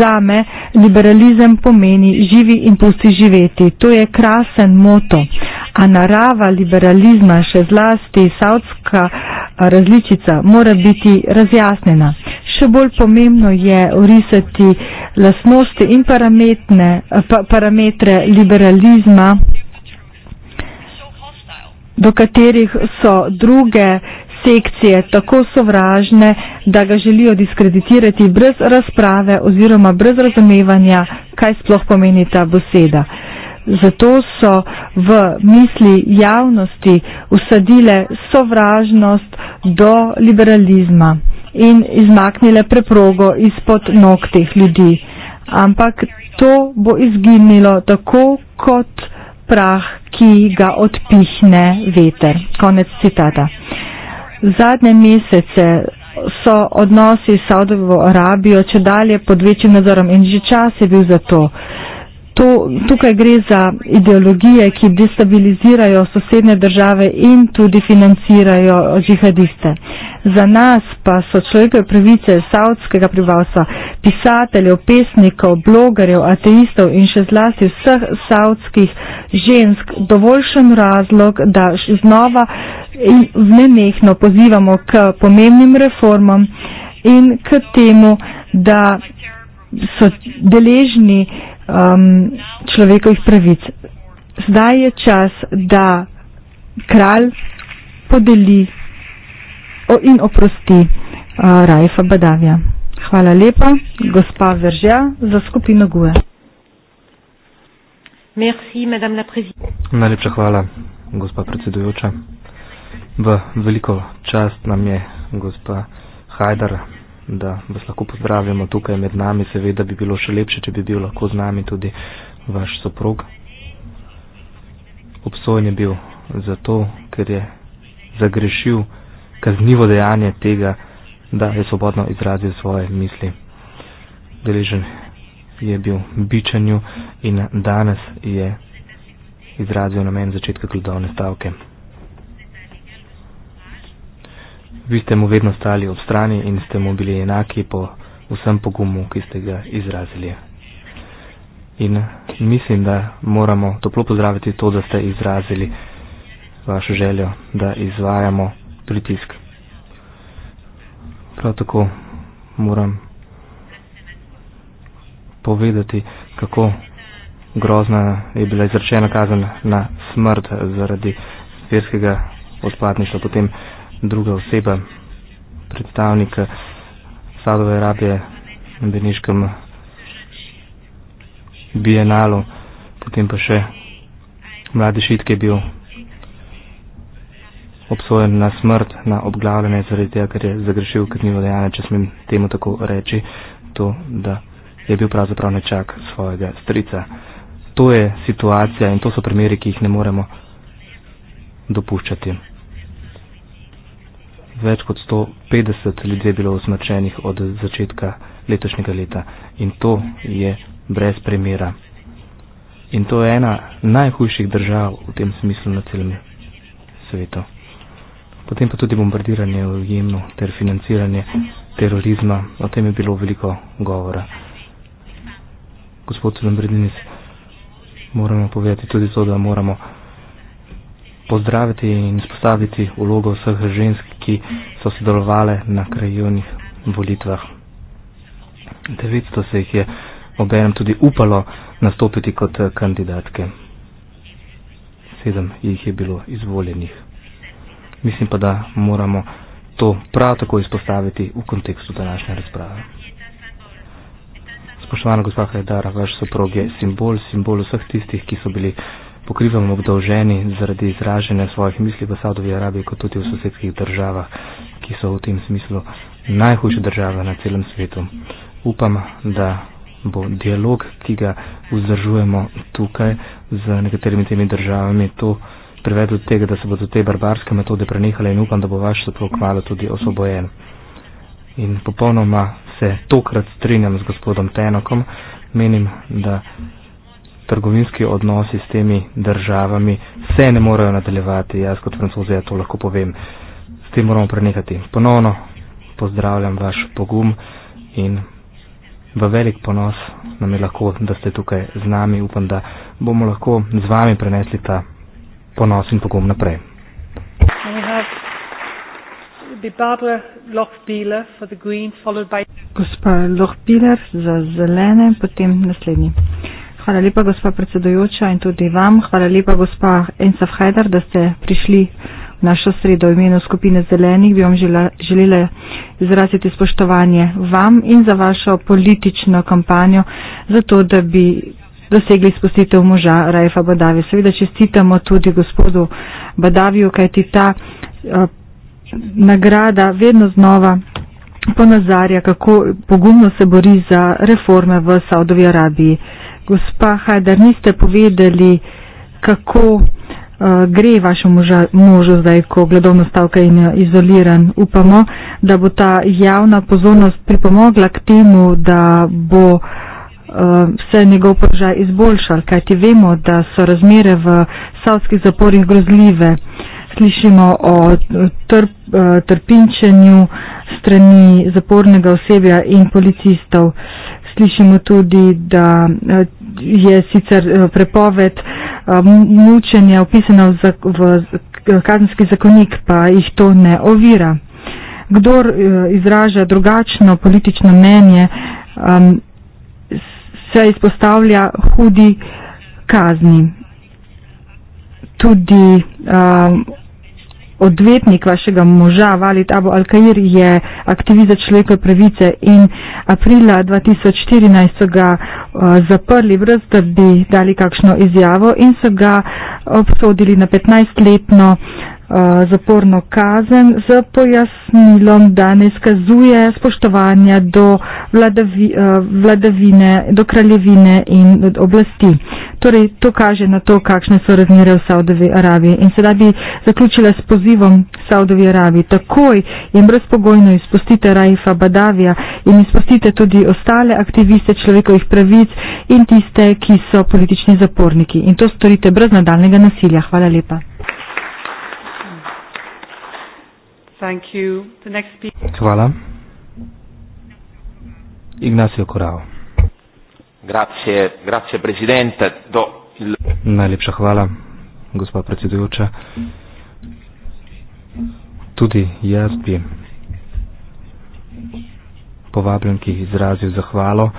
zame liberalizem pomeni živi in pusti živeti. To je krasen moto. A narava liberalizma, še zlasti savtska različica, mora biti razjasnjena. Še bolj pomembno je urisati lasnosti in pa, parametre liberalizma do katerih so druge sekcije tako sovražne, da ga želijo diskreditirati brez razprave oziroma brez razumevanja, kaj sploh pomeni ta beseda. Zato so v misli javnosti usadile sovražnost do liberalizma in izmaknile preprogo izpod nog teh ljudi. Ampak to bo izginilo tako, kot prah, ki ga odpihne veter. Konec citata. Zadnje mesece so odnosi s Saudovo Arabijo če dalje pod večjim nadzorom in že čas je bil za to. Uh, to, tukaj gre za ideologije, ki destabilizirajo sosedne države in tudi financirajo džihadiste. Za nas pa so človekove pravice savdskega prebivalstva, pisateljev, pesnikov, blogerjev, ateistov in še zlasti vseh savdskih žensk dovoljšen razlog, da znova in vnenehno pozivamo k pomembnim reformam in k temu, da so deležni um, človekovih pravic. Zdaj je čas, da kralj podeli in oprosti uh, Rajfa Badavija. Hvala lepa, gospa Veržja, za skupino Gue. Najlepša hvala, gospa predsedujoča. V veliko čast nam je gospa Hajdar da vas lahko pozdravimo tukaj med nami. Seveda bi bilo še lepše, če bi bil lahko z nami tudi vaš soprog. Obsojen je bil zato, ker je zagrešil kaznivo dejanje tega, da je svobodno izrazil svoje misli. Deležen je bil bičanju in danes je izrazil namen začetka gledovne stavke. Vi ste mu vedno stali ob strani in ste mu bili enaki po vsem pogumu, ki ste ga izrazili. In mislim, da moramo toplo pozdraviti to, da ste izrazili vašo željo, da izvajamo pritisk. Prav tako moram povedati, kako grozna je bila izrečena kazen na smrt zaradi verskega odpadništva. Potem druga oseba, predstavnik Sadove Arabije na Beniškem bienalu, potem pa še mladi šitk je bil obsojen na smrt, na obglavljanje, zaradi tega, ker je zagrešil krnivo dejanje, če smem temu tako reči, to, da je bil pravzaprav nečak svojega strica. To je situacija in to so primeri, ki jih ne moremo dopuščati več kot 150 ljudi je bilo usmrčenih od začetka letošnjega leta in to je brez premjera. In to je ena najhujših držav v tem smislu na celem svetu. Potem pa tudi bombardiranje v Jemnu ter financiranje terorizma, o tem je bilo veliko govora. Gospod Sulembrdinis, moramo povedati tudi to, da moramo pozdraviti in spostaviti vlogo vseh žensk, ki so sodelovali na krajovnih volitvah. 900 se jih je obenem tudi upalo nastopiti kot eh, kandidatke. Sedem jih je bilo izvoljenih. Mislim pa, da moramo to prav tako izpostaviti v kontekstu današnje razprave. Spoštovana gospa Hajdara, vaš soprog je simbol, simbol vseh tistih, ki so bili pokrivamo obdolženi zaradi izražene svojih misli v Saudovi Arabiji, kot tudi v sosedskih državah, ki so v tem smislu najhujše države na celem svetu. Upam, da bo dialog, ki ga vzdržujemo tukaj z nekaterimi temi državami, to privedlo do tega, da se bodo te barbarske metode prenehale in upam, da bo vaš soprog kmalo tudi osvobojen. In popolnoma se tokrat strinjam z gospodom Tenokom, menim, da trgovinski odnosi s temi državami se ne morejo nadaljevati. Jaz kot francoze ja to lahko povem. S tem moramo prenehati. Ponovno pozdravljam vaš pogum in v velik ponos nam je lahko, da ste tukaj z nami. Upam, da bomo lahko z vami prenesli ta ponos in pogum naprej. Gospa Lohbiler za zelene, potem naslednji. Hvala lepa, gospa predsedujoča in tudi vam. Hvala lepa, gospa Ensa Hajdar, da ste prišli v našo sredo v imenu skupine zelenih. Bi vam želela izraziti spoštovanje vam in za vašo politično kampanjo, zato da bi dosegli spustitev moža Rajfa Badavi. Seveda čestitamo tudi gospodu Badaviju, kajti ta a, eh, nagrada vedno znova ponazarja, kako pogumno se bori za reforme v Saudovi Arabiji gospa Hajdar, niste povedali, kako uh, gre vašo možo zdaj, ko gledovna stavka in je izoliran. Upamo, da bo ta javna pozornost pripomogla k temu, da bo uh, se njegov položaj izboljšal, kajti vemo, da so razmere v savskih zaporih grozljive. Slišimo o trp, eh, trpinčenju strani zapornega osebja in policistov. Uh, Slišimo tudi, da eh, je sicer eh, prepoved eh, mučenja opisana v, zak v kazenski zakonik, pa jih to ne ovira. Kdor izraža drugačno politično mnenje, ehm, se izpostavlja hudi kazni. Tudi ehm, odvetnik vašega moža Valid Abu Al-Kair je aktivist za človekove pravice in aprila 2014 so ga uh, zaprli brez, da bi dali kakšno izjavo in so ga obsodili na 15-letno uh, eh, zaporno kazen z pojasnilom, da ne skazuje spoštovanja do vladavi, uh, vladavine, do kraljevine in oblasti. Uh, Torej, to kaže na to, kakšne so razmere v Saudovi Arabiji. In sedaj bi zaključila s pozivom Saudovi Arabiji. Takoj in brezpogojno izpustite Raifa Badavija in izpustite tudi ostale aktiviste človekovih pravic in tiste, ki so politični zaporniki. In to storite brez nadaljnega nasilja. Hvala lepa. Hvala. Ignacio Corao. Grazie, grazie presidente. Do il... Najlepša hvala, gospa predsedujoča. Tudi jaz bi povabljen, ki izrazil zahvalo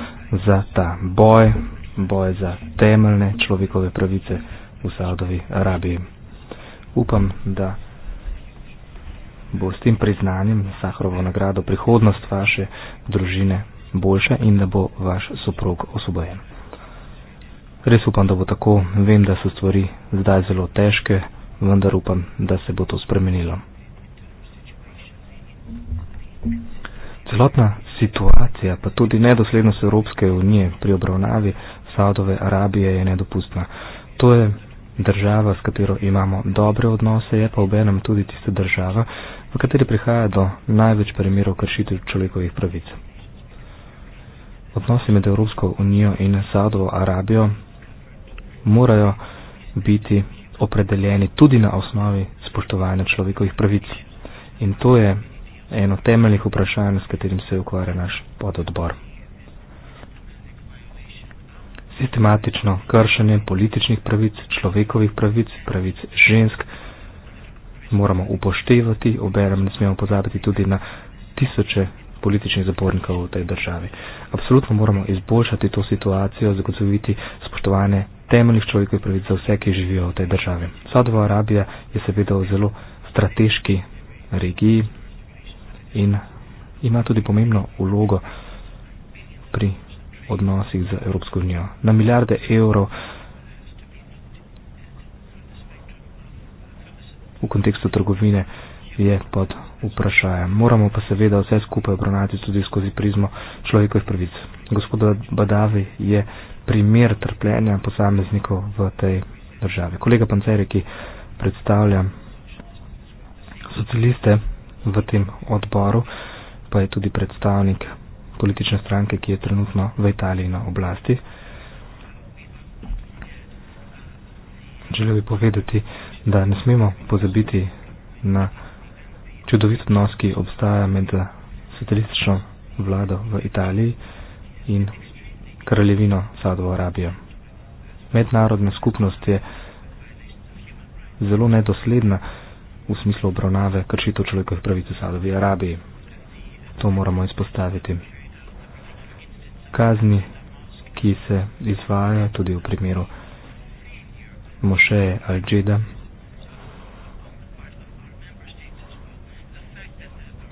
za ta boj, boj za temeljne človekove pravice v Saudovi Arabiji. Upam, da bo s tem priznanjem Sahrovo nagrado prihodnost vaše družine boljše in da bo vaš soprog osvobojen. Res upam, da bo tako, vem, da so stvari zdaj zelo težke, vendar upam, da se bo to spremenilo. Celotna situacija, pa tudi nedoslednost Evropske unije pri obravnavi Saudove Arabije je nedopustna. To je država, s katero imamo dobre odnose, je pa obenem tudi tista država, v kateri prihaja do največ primerov kršitev človekovih pravic odnosi med Evropsko unijo in Saudovo Arabijo morajo biti opredeljeni tudi na osnovi spoštovanja človekovih pravic. In to je eno temeljnih vprašanj, s katerim se ukvarja naš pododbor. Sistematično kršenje političnih pravic, človekovih pravic, pravic žensk moramo upoštevati, oberem ne smemo pozabiti tudi na tisoče političnih zapornikov v tej državi. Absolutno moramo izboljšati to situacijo, zagotoviti spoštovanje temeljnih človekovih pravic za vse, ki živijo v tej državi. Saudova Arabija je seveda v zelo strateški regiji in ima tudi pomembno ulogo pri odnosih z Evropsko unijo. Na milijarde evrov v kontekstu trgovine je pod vprašanja. Moramo pa seveda vse skupaj obravnati tudi skozi prizmo človekovih pravic. Gospod Badavi je primer trpljenja posameznikov v tej državi. Kolega Panceri, ki predstavlja socialiste v tem odboru, pa je tudi predstavnik politične stranke, ki je trenutno v Italiji na oblasti. Želel bi povedati, da ne smemo pozabiti na čudovit odnos, ki obstaja med eh, satelistično vlado v Italiji in kraljevino Sadovo Arabijo. Mednarodna skupnost je zelo nedosledna v smislu obravnave kršitev človekovih pravic v Sadovi Arabiji. To moramo izpostaviti. Kazni, ki se izvajajo tudi v primeru Mošeje Al-Džeda,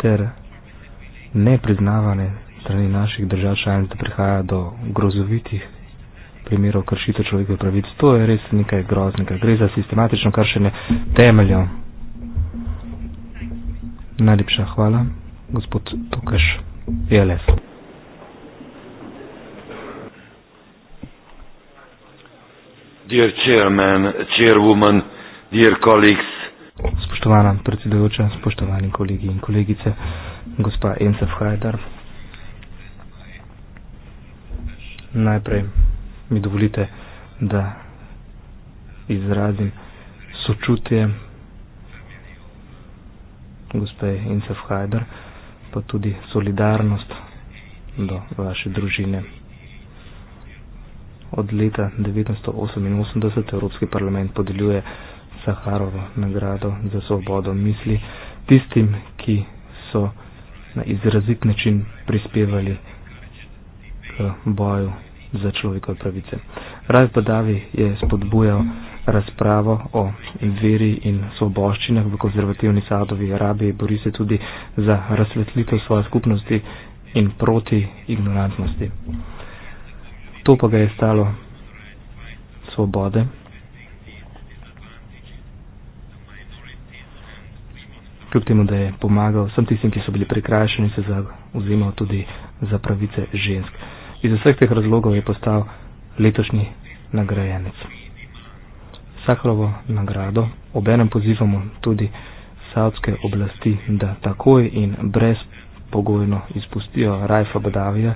ter nepriznavane strani naših držav članic, da prihaja do grozovitih primerov kršitev človekovih pravic. To je res nekaj groznega. Gre za sistematično kršenje temeljev. Najlepša hvala, gospod Tokaš, JLS. Dear chairman, chairwoman, dear colleagues, Spoštovana predsedujoča, spoštovani kolegi in kolegice, gospa Ensef Hajdar. Najprej mi dovolite, da izrazim sočutje gospe Ensef Hajdar, pa tudi solidarnost do vaše družine. Od leta 1988 Evropski parlament podeljuje Saharovo nagrado za svobodo misli tistim, ki so na izrazit način prispevali k boju za človekove pravice. Raj Badavi je spodbujal razpravo o veri in svoboščinah v konzervativni Sadovi Arabiji, bori se tudi za razsvetlitev svoje skupnosti in proti ignorantnosti. To pa ga je stalo svobode. kljub temu, da je pomagal vsem tistim, ki so bili prekrašeni, se zauzemal tudi za pravice žensk. Iz vseh teh razlogov je postal letošnji nagrajenec. Sakrovo nagrado obenem pozivamo tudi savtske oblasti, da takoj in brezpogojno izpustijo Rajfa Badavija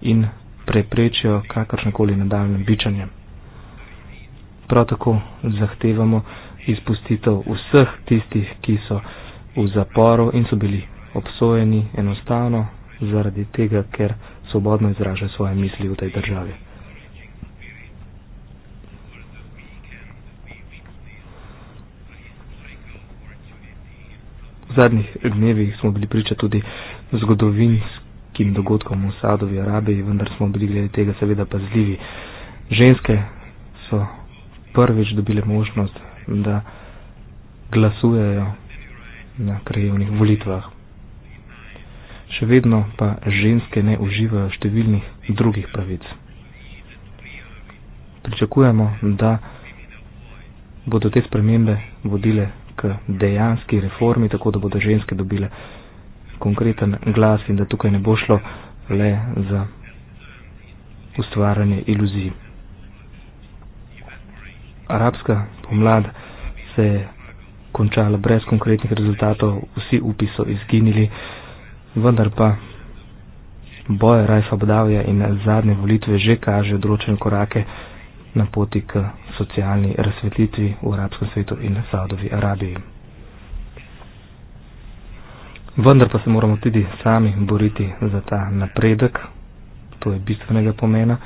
in preprečijo kakršnekoli nadaljne bičanje. Prav tako zahtevamo izpustitev vseh tistih, ki so v zaporu in so bili obsojeni enostavno zaradi tega, ker svobodno izražajo svoje misli v tej državi. V zadnjih dnevih smo bili priča tudi zgodovinskim dogodkom v Sadovi Arabiji, vendar smo bili glede tega seveda pazljivi. Ženske so prvič dobile možnost, da glasujejo na krajevnih volitvah. Še vedno pa ženske ne uživajo številnih drugih pravic. Pričakujemo, da bodo te spremembe vodile k dejanski reformi, tako da bodo ženske dobile konkreten glas in da tukaj ne bo šlo le za ustvarjanje iluzij. Arabska pomlad se je končala brez konkretnih rezultatov, vsi upi so izginili, vendar pa boje Rajfa Bdavja in zadnje volitve že kažejo določene korake na poti k socialni razsvetlitvi v arabskem svetu in Saudovi Arabiji. Vendar pa se moramo tudi sami boriti za ta napredek, to je bistvenega pomena,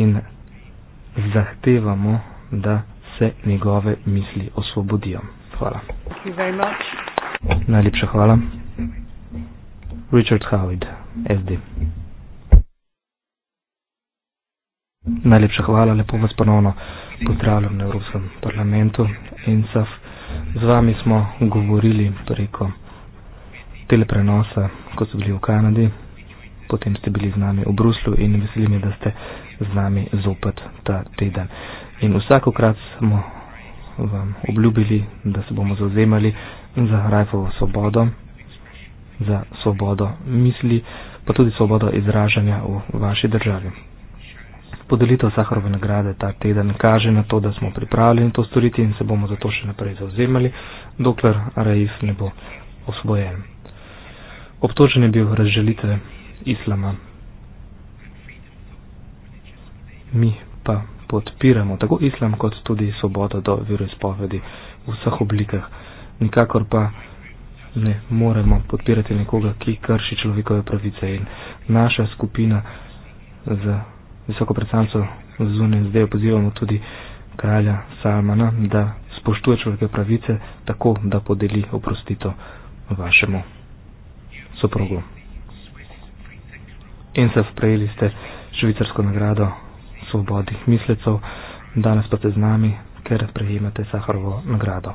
in zahtevamo, da se njegove misli osvobodijo hvala. Najlepša hvala. Richard Howard, SD. Najlepša hvala, lepo vas ponovno pozdravljam na Evropskem parlamentu ENSAF. Z vami smo govorili preko teleprenosa, ko so bili v Kanadi, potem ste bili z nami v Bruslu in veselim je, da ste z nami zopet ta teden. In vsakokrat smo vam obljubili, da se bomo zauzemali za rajfovo svobodo, za svobodo misli, pa tudi svobodo izražanja v vaši državi. Podelitev Saharove nagrade ta teden kaže na to, da smo pripravljeni to storiti in se bomo zato še naprej zauzemali, dokler Raif ne bo osvojen. Obtožen je bil razželitve islama. Mi pa podpiramo tako islam kot tudi svobodo do veroizpovedi v vseh oblikah. Nikakor pa ne moremo podpirati nekoga, ki krši človekove pravice in naša skupina z visoko predstavnico zunaj zdaj pozivamo tudi kralja Salmana, da spoštuje človekove pravice tako, da podeli oprostito vašemu soprogu. In se sprejeli ste švicarsko nagrado svobodnih mislecov, danes pa ste z nami, ker prejemate Saharovo nagrado.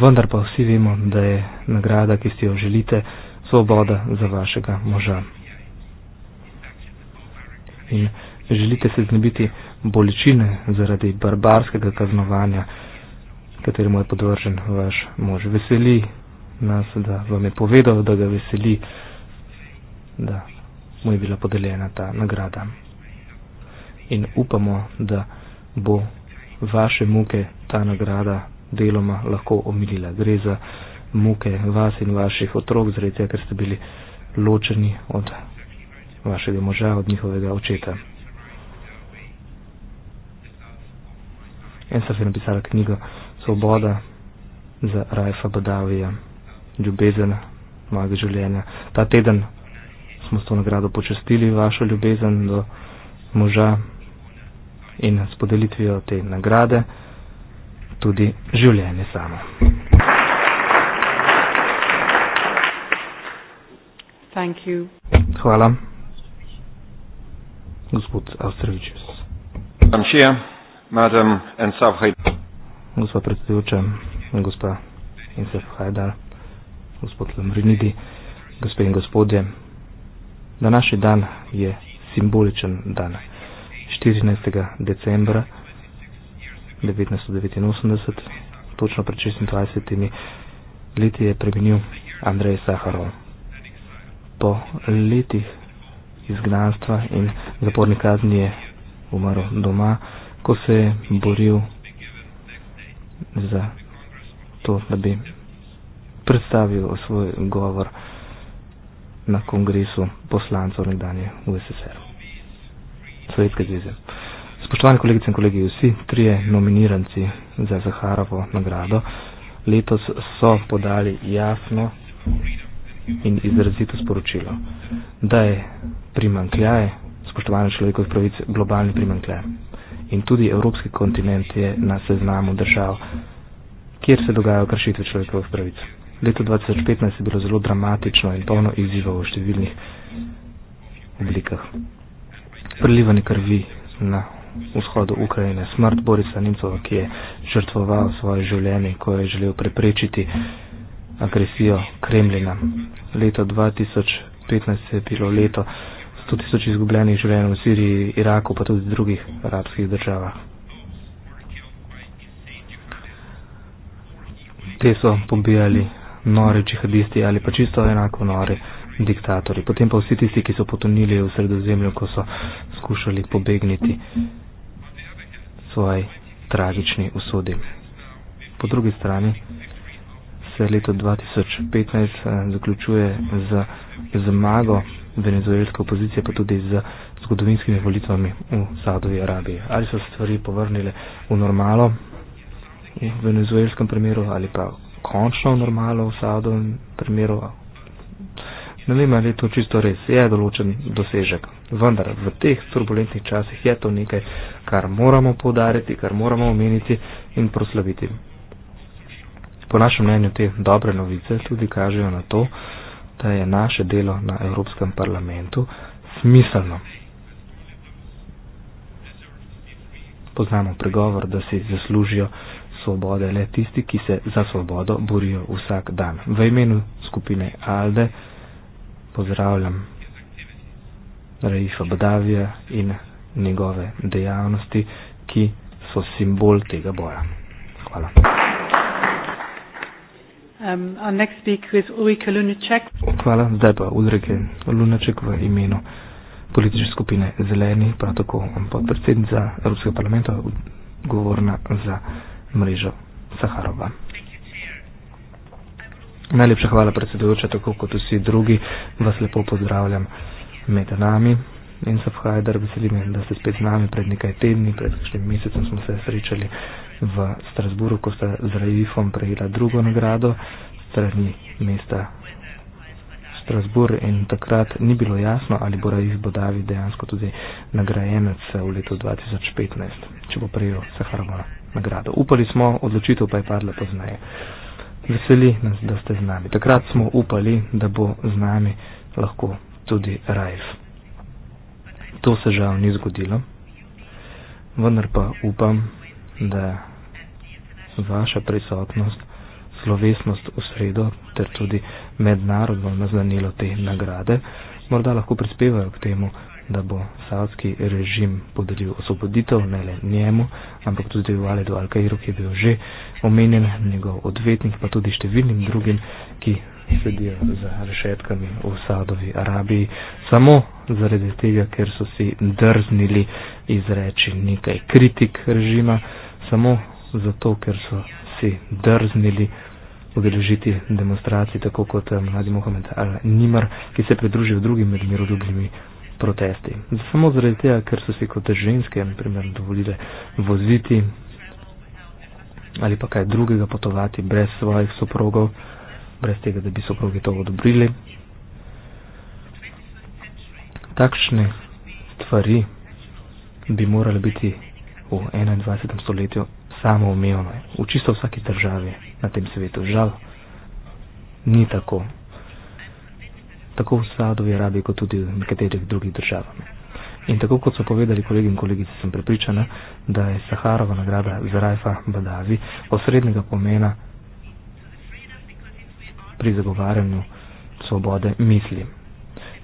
Vendar pa vsi vemo, da je nagrada, ki si jo želite, svoboda za vašega moža. In želite se znebiti bolečine zaradi barbarskega kaznovanja, kateremu je podvržen vaš mož. Veseli nas, da vam je povedal, da ga veseli, da mu je bila podeljena ta nagrada in upamo, da bo vaše muke ta nagrada deloma lahko omilila. Gre za muke vas in vaših otrok, zrejte, ker ste bili ločeni od vašega moža, od njihovega očeta. En sem se napisala knjigo Svoboda za Rajfa Badavija, ljubezen mojega življenja. Ta teden smo s to nagrado počastili vašo ljubezen do moža, in s podelitvijo te nagrade tudi življenje samo. Thank you. Hvala. Gospod Avstrevičus. Amšija, madam Ensav Hajdar. Gospod predsedujoča, gospa Ensav Hajdar, gospod Lamrinidi, gospe in gospodje. Današnji dan je simboličen dan 14. decembra 1989, točno pred 26 leti, je preminil Andrej Saharov. Po letih izgnanstva in zaporni kazni je umrl doma, ko se je boril za to, da bi predstavil svoj govor na kongresu poslancev nekdanje USSR. -u. Sovjetske zveze. Spoštovani kolegice in kolegi, vsi trije nominiranci za Zaharovo nagrado letos so podali jasno in izrazito sporočilo, da je primankljaj, spoštovane človekovih pravic, globalni primankljaj. In tudi evropski kontinent je na seznamu držav, kjer se dogajajo kršitve človekovih pravic. Leto 2015 je bilo zelo dramatično in polno izzivov v številnih oblikah prelivanje krvi na vzhodu Ukrajine, smrt Borisa Nemcova, ki je žrtvoval svoje življenje, ko je želel preprečiti agresijo Kremlina. Leto 2015 je bilo leto 100 tisoč izgubljenih življenj v Siriji, Iraku, pa tudi v drugih arabskih državah. Te so pobijali nori džihadisti ali pa čisto enako nori diktatorji, potem pa vsi tisti, ki so potonili v sredozemlju, ko so skušali pobegniti svoji tragični usodi. Po drugi strani se leto 2015 eh, zaključuje z zmago venezuelske opozicije, pa tudi z zgodovinskimi volitvami v Saudovi Arabiji. Ali so stvari povrnile v normalo v venezuelskem primeru ali pa končno v normalo v Saudovem primeru, nam imali to čisto res, je določen dosežek. Vendar v teh turbulentnih časih je to nekaj, kar moramo povdariti, kar moramo omeniti in proslaviti. Po našem mnenju te dobre novice tudi kažejo na to, da je naše delo na Evropskem parlamentu smiselno. Poznamo pregovor, da si zaslužijo svobode le tisti, ki se za svobodo borijo vsak dan. V imenu skupine ALDE pozdravljam Raifa Badavija in njegove dejavnosti, ki so simbol tega boja. Hvala. Um, Hvala, zdaj pa Ulrike Lunaček v imenu politične skupine Zeleni, prav tako podpredsednica Evropskega parlamenta, govorna za mrežo Saharova. Najlepša hvala, predsedujoča, tako kot vsi drugi. Vas lepo pozdravljam med nami. In se vhaj, da veselim, da ste spet z nami. Pred nekaj tedni, pred kakšnim mesecem smo se srečali v Strasburu, ko sta z Rajifom prejela drugo nagrado strani mesta Strasbur in takrat ni bilo jasno, ali bo Rajif Bodavi dejansko tudi nagrajenec v letu 2015, če bo prejel Saharova nagrado. Upali smo, odločitev pa je padla poznaje. Veseli nas, da ste z nami. Takrat smo upali, da bo z nami lahko tudi Rajf. To se žal ni zgodilo, vendar pa upam, da vaša prisotnost, slovesnost v sredo ter tudi mednarodno naznanilo te nagrade morda lahko prispevajo k temu, da bo savski režim podelil osvoboditev ne le njemu, ampak tudi Valedu Alkairu, ki je bil že omenjen, njegov odvetnik, pa tudi številnim drugim, ki sedijo za rešetkami v Saudovi Arabiji, samo zaradi tega, ker so si drznili izreči nekaj kritik režima, samo zato, ker so si drznili udeležiti demonstracij, tako kot eh, mladi Mohamed Al-Nimar, ki se je pridružil drugim med miroljubnimi protesti. Samo zaradi tega, ker so si kot ženske, naprimer, dovolile voziti ali pa kaj drugega potovati brez svojih soprogov, brez tega, da bi soprogi to odobrili. Takšne stvari bi morale biti v 21. stoletju samoumevne, v čisto vsaki državi na tem svetu. Žal, ni tako tako v Saudovi Arabiji kot tudi v nekaterih drugih državami. In tako kot so povedali kolegi in kolegice, sem prepričana, da je Saharova nagrada za Rajfa Badavi osrednjega pomena pri zagovarjanju svobode misli.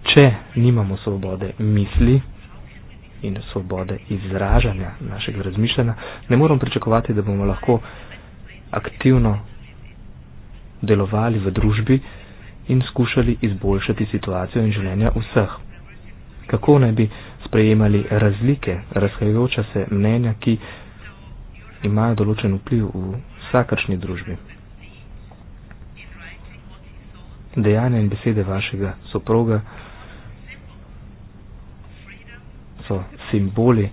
Če nimamo svobode misli in svobode izražanja našega razmišljanja, ne moramo pričakovati, da bomo lahko aktivno delovali v družbi, in skušali izboljšati situacijo in življenja vseh. Kako naj bi sprejemali razlike, razhajajoča se mnenja, ki imajo določen vpliv v vsakršni družbi? Dejanja in besede vašega soproga so simboli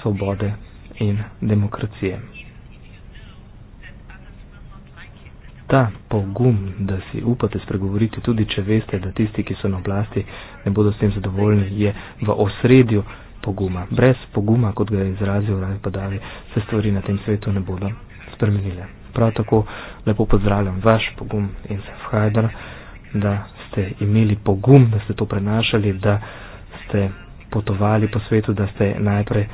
svobode in demokracije. ta pogum, da si upate spregovoriti, tudi če veste, da tisti, ki so na oblasti, ne bodo s tem zadovoljni, je v osredju poguma. Brez poguma, kot ga je izrazil Rajn Padavi, se stvari na tem svetu ne bodo spremenile. Prav tako lepo pozdravljam vaš pogum in se vhajdar, da ste imeli pogum, da ste to prenašali, da ste potovali po svetu, da ste najprej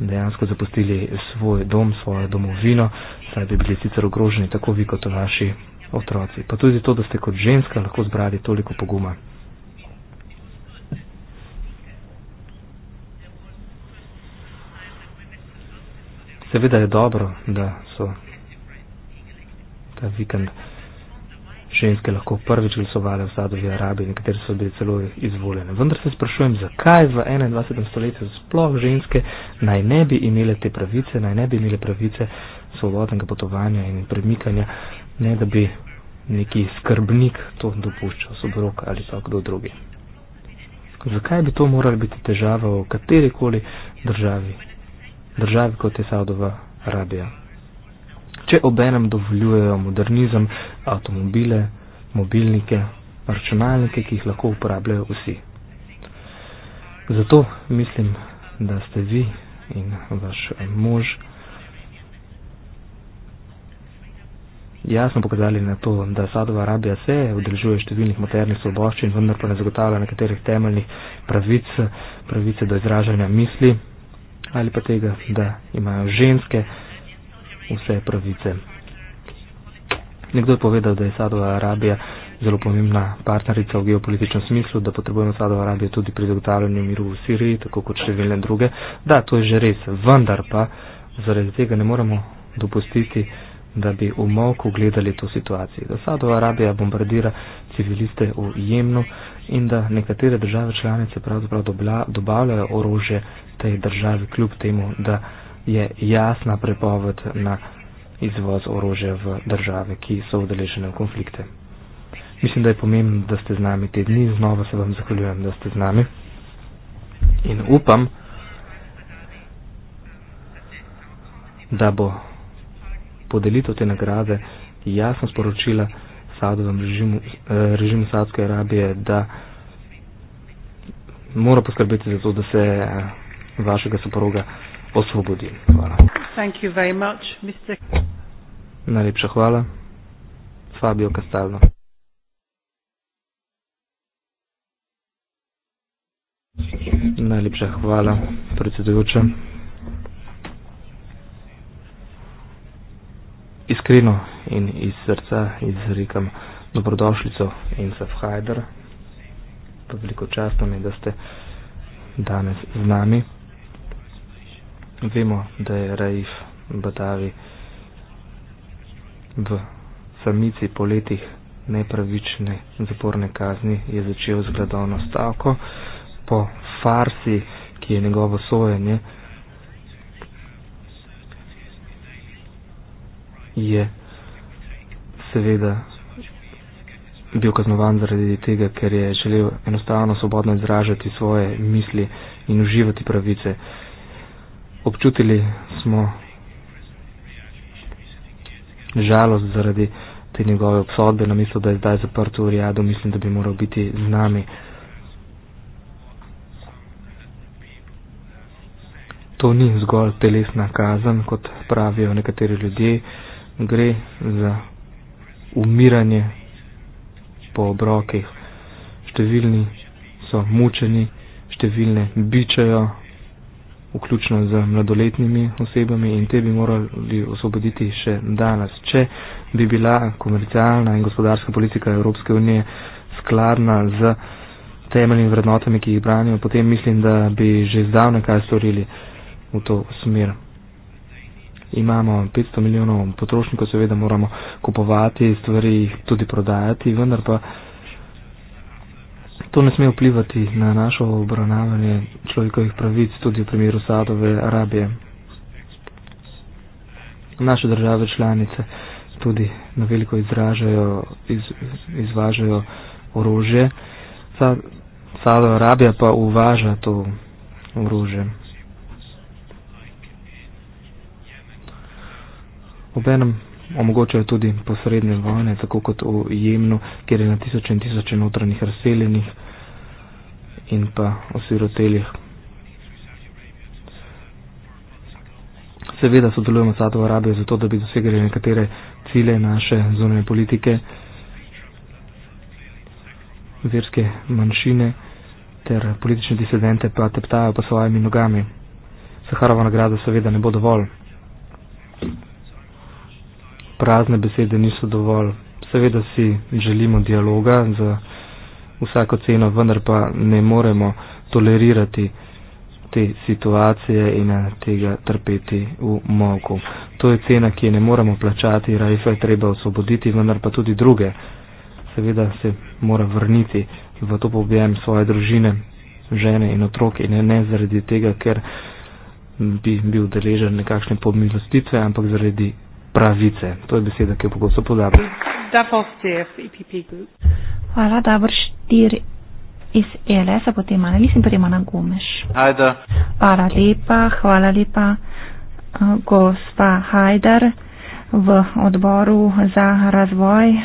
dejansko zapustili svoj dom, svojo domovino, saj bi bili sicer ogroženi tako vi kot vaši otroci. Pa tudi to, da ste kot ženska lahko zbrali toliko poguma. Seveda je dobro, da so ta vikend ženske lahko prvič glasovale v Sadovi Arabiji, nekateri so bili celo izvoljene. Vendar se sprašujem, zakaj v 21. stoletju sploh ženske naj ne bi imele te pravice, naj ne bi imele pravice svobodnega potovanja in premikanja, ne da bi neki skrbnik to dopuščal, sobrok ali pa kdo drugi. Zakaj bi to morali biti težava v katerikoli državi, državi kot je Saudova Arabija? Če obenem dovoljujejo modernizem, avtomobile, mobilnike, računalnike, ki jih lahko uporabljajo vsi. Zato mislim, da ste vi in vaš mož jasno pokazali na to, da Sadova Arabija se udeležuje številnih maternih svoboščin, vendar pa ne zagotavlja nekaterih temeljnih pravic, pravice do izražanja misli ali pa tega, da imajo ženske vse pravice. Nekdo je povedal, da je Sadova Arabija zelo pomembna partnerica v geopolitičnem smislu, da potrebujemo Sadova Arabijo tudi pri zagotavljanju miru v Siriji, tako kot številne druge. Da, to je že res, vendar pa zaradi tega ne moramo dopustiti, da bi v molku gledali to situacijo. Da Sadova Arabija bombardira civiliste v Jemnu in da nekatere države članice pravzaprav dobla, dobavljajo orože tej državi, kljub temu, da je jasna prepoved na izvoz orožja v države, ki so udeležene v konflikte. Mislim, da je pomembno, da ste z nami te dni. Znova se vam zahvaljujem, da ste z nami. In upam, da bo podelitev te nagrade jasno sporočila sadovem režimu, eh, režimu Sadske Arabije, da mora poskrbeti za to, da se eh, vašega soproga osvobodi. Hvala. Thank you very much, Mr. Najlepša hvala, Fabio Castalno. Najlepša hvala, predsedujoča. Iskreno in iz srca izrekam dobrodošlico in safhajder. Veliko časno mi je, da ste danes z nami vemo, da je Raif Badavi v samici po letih nepravične zaporne kazni je začel z gledovno stavko. Po farsi, ki je njegovo sojenje, je seveda bil kaznovan zaradi tega, ker je želel enostavno svobodno izražati svoje misli in uživati pravice občutili smo žalost zaradi te njegove obsodbe, namesto da je zdaj zaprt v Rijadu, mislim, da bi moral biti z nami. To ni zgolj telesna kazen, kot pravijo nekateri ljudje, gre za umiranje po obrokih. Številni so mučeni, številne bičajo, vključno z mladoletnimi osebami in te bi morali osvoboditi še danes. Če bi bila komercialna in gospodarska politika Evropske unije skladna z temeljnimi vrednotami, ki jih branijo, potem mislim, da bi že zdavne kaj storili v to smer. Imamo 500 milijonov potrošnikov, seveda moramo kupovati stvari, jih tudi prodajati, vendar pa to ne sme vplivati na našo obravnavanje človekovih pravic tudi v primeru Sadove Arabije. Naše države članice tudi na veliko izražajo, iz, izvažajo orožje, Sadova Arabija pa uvaža to orožje. Obenem omogočajo tudi posredne vojne, tako kot v Jemnu, kjer je na tisoče in tisoče notranjih razseljenih in pa osiroteljih. Seveda sodelujemo s Sadovo Arabijo zato, da bi dosegli nekatere cilje naše zunanje politike, verske manjšine ter politične disidente pa teptajo po svojimi nogami. Saharova nagrada seveda ne bo dovolj prazne besede niso dovolj. Seveda si želimo dialoga za vsako ceno, vendar pa ne moremo tolerirati te situacije in eh, tega trpeti v moku. To je cena, ki je ne moremo plačati, Rajfa je treba osvoboditi, vendar pa tudi druge. Seveda se mora vrniti v to pobjem svoje družine, žene in otroke in ne, ne zaradi tega, ker bi bil deležen nekakšne pomilostitve, ampak zaradi pravice. To je beseda, ki jo pogosto podarjam. Hvala, da vrš tir iz ELS-a, potem Anelis in prejema na Gomeš. Hajda. Hvala lepa, hvala lepa, eh, gospa Hajdar. V odboru za razvoj eh,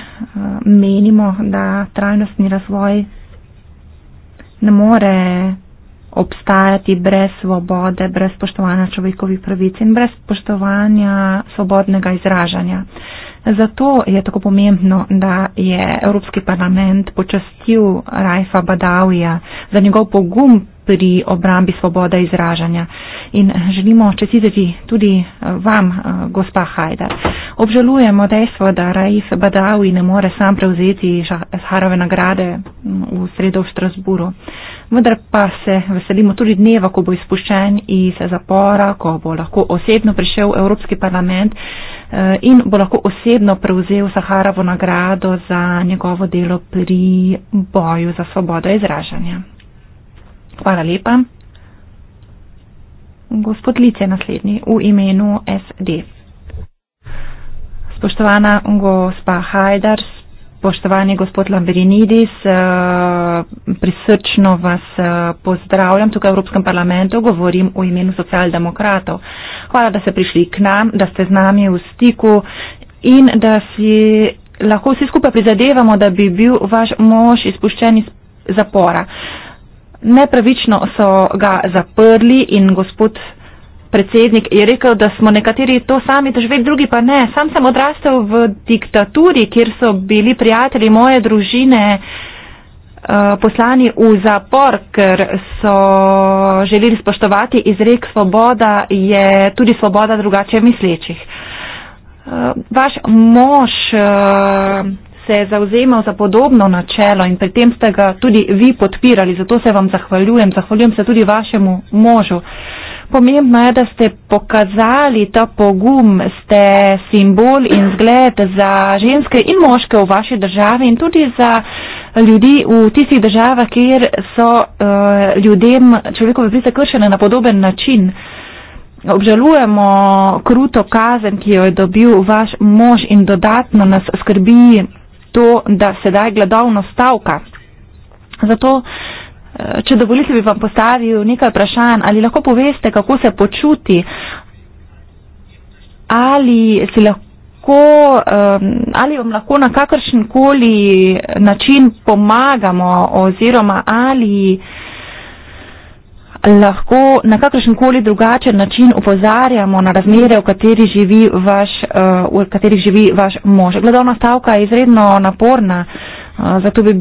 menimo, da trajnostni razvoj ne more obstajati brez svobode, brez spoštovanja človekovih pravic in brez spoštovanja svobodnega izražanja. Zato je tako pomembno, da je Evropski parlament počastil Rajfa Badavija za njegov pogum pri obrambi svobode izražanja. In želimo čestitati tudi eh, vam, eh, gospa Hajdar. Obžalujemo dejstvo, da Rajf Badavi ne more sam prevzeti Zaharove nagrade mm, v sredo v Strasburu vendar pa se veselimo tudi dneva, ko bo izpuščen iz zapora, ko bo lahko osebno prišel v Evropski parlament eh, in bo lahko osebno prevzel Saharovo nagrado za njegovo delo pri boju za svobodo izražanja. Hvala lepa. Gospod Lic je naslednji v imenu SD. Spoštovana gospa Hajdars, Spoštovani gospod Lamberinidis, eh, prisrčno vas eh, pozdravljam tukaj v Evropskem parlamentu, govorim v imenu socialdemokratov. Hvala, da ste prišli k nam, da ste z nami v stiku in da si lahko vsi skupaj prizadevamo, da bi bil vaš mož izpuščen iz zapora. Nepravično so ga zaprli in gospod predsednik, je rekel, da smo nekateri to sami doživeli, drugi pa ne. Sam sem odrastel v diktaturi, kjer so bili prijatelji moje družine eh, poslani v zapor, ker so želeli spoštovati izrek svoboda, je tudi svoboda drugače mislečih. Eh, vaš mož eh, se je zauzemal za podobno načelo in pri tem ste ga tudi vi podpirali, zato se vam zahvaljujem, zahvaljujem se tudi vašemu možu pomembno je, da ste pokazali ta pogum, ste simbol in zgled za ženske in moške v vaši državi in tudi za ljudi v tistih državah, kjer so uh, ljudem človekove pravice kršene na podoben način. Obžalujemo kruto kazen, ki jo je dobil vaš mož in dodatno nas skrbi to, da sedaj gladovno stavka. Zato uh, Eh, če dovolite, bi vam postavil nekaj vprašanj. Ali lahko poveste, kako se počuti? Ali, lahko, ali vam lahko na kakršen koli način pomagamo oziroma ali lahko na kakršen koli drugačen način upozarjamo na razmere, v katerih živi vaš, eh, v katerih živi vaš mož. Gledovna stavka je izredno naporna, eh, zato bi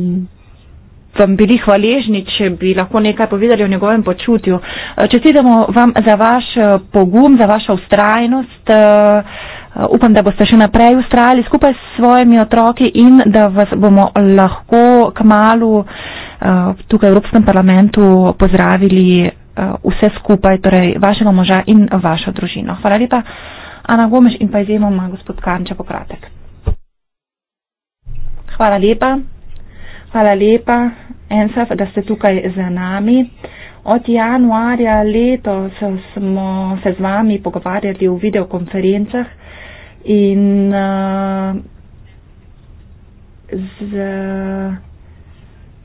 vam bili hvaležni, če bi lahko nekaj povedali o njegovem počutju. Eh, čestitamo vam za vaš eh, pogum, za vašo ustrajnost. Eh, upam, da boste še naprej ustrajali skupaj s svojimi otroki in da vas bomo lahko k malu tukaj v Evropskem parlamentu pozdravili vse skupaj, torej vašega moža in vašo družino. Hvala lepa, Ana Gomeš in pa izjemoma gospod Kanča Pokratek. Hvala lepa. Hvala lepa, Ensaf, da ste tukaj z nami. Od januarja letos smo se z vami pogovarjali v videokonferencah in eh, z,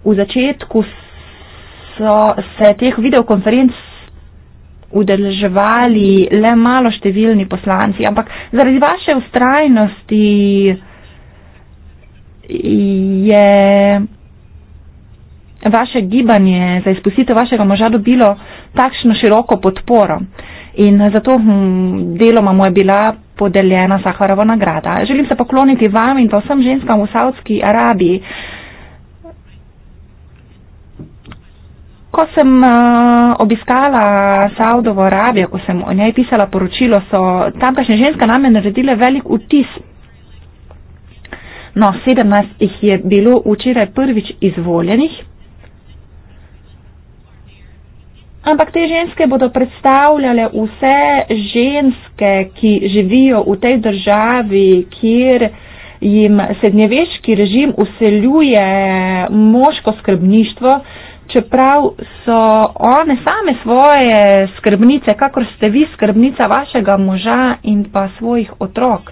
v začetku so se teh videokonferenc udeleževali le malo številni poslanci, ampak zaradi vaše ustrajnosti je vaše gibanje, za izpustitev vašega moža dobilo takšno široko podporo. In zato hm, deloma mu je bila podeljena Saharova nagrada. Želim se pokloniti vam in pa vsem ženskam v Saudski Arabiji. Ko sem uh, obiskala Saudovo Arabijo, ko sem o njej pisala poročilo, so tamkajšnje ženske name naredile velik vtis. No, 17 jih je bilo včeraj prvič izvoljenih. ampak te ženske bodo predstavljale vse ženske, ki živijo v tej državi, kjer jim sednjeveški režim useljuje moško skrbništvo, čeprav so one same svoje skrbnice, kakor ste vi skrbnica vašega moža in pa svojih otrok,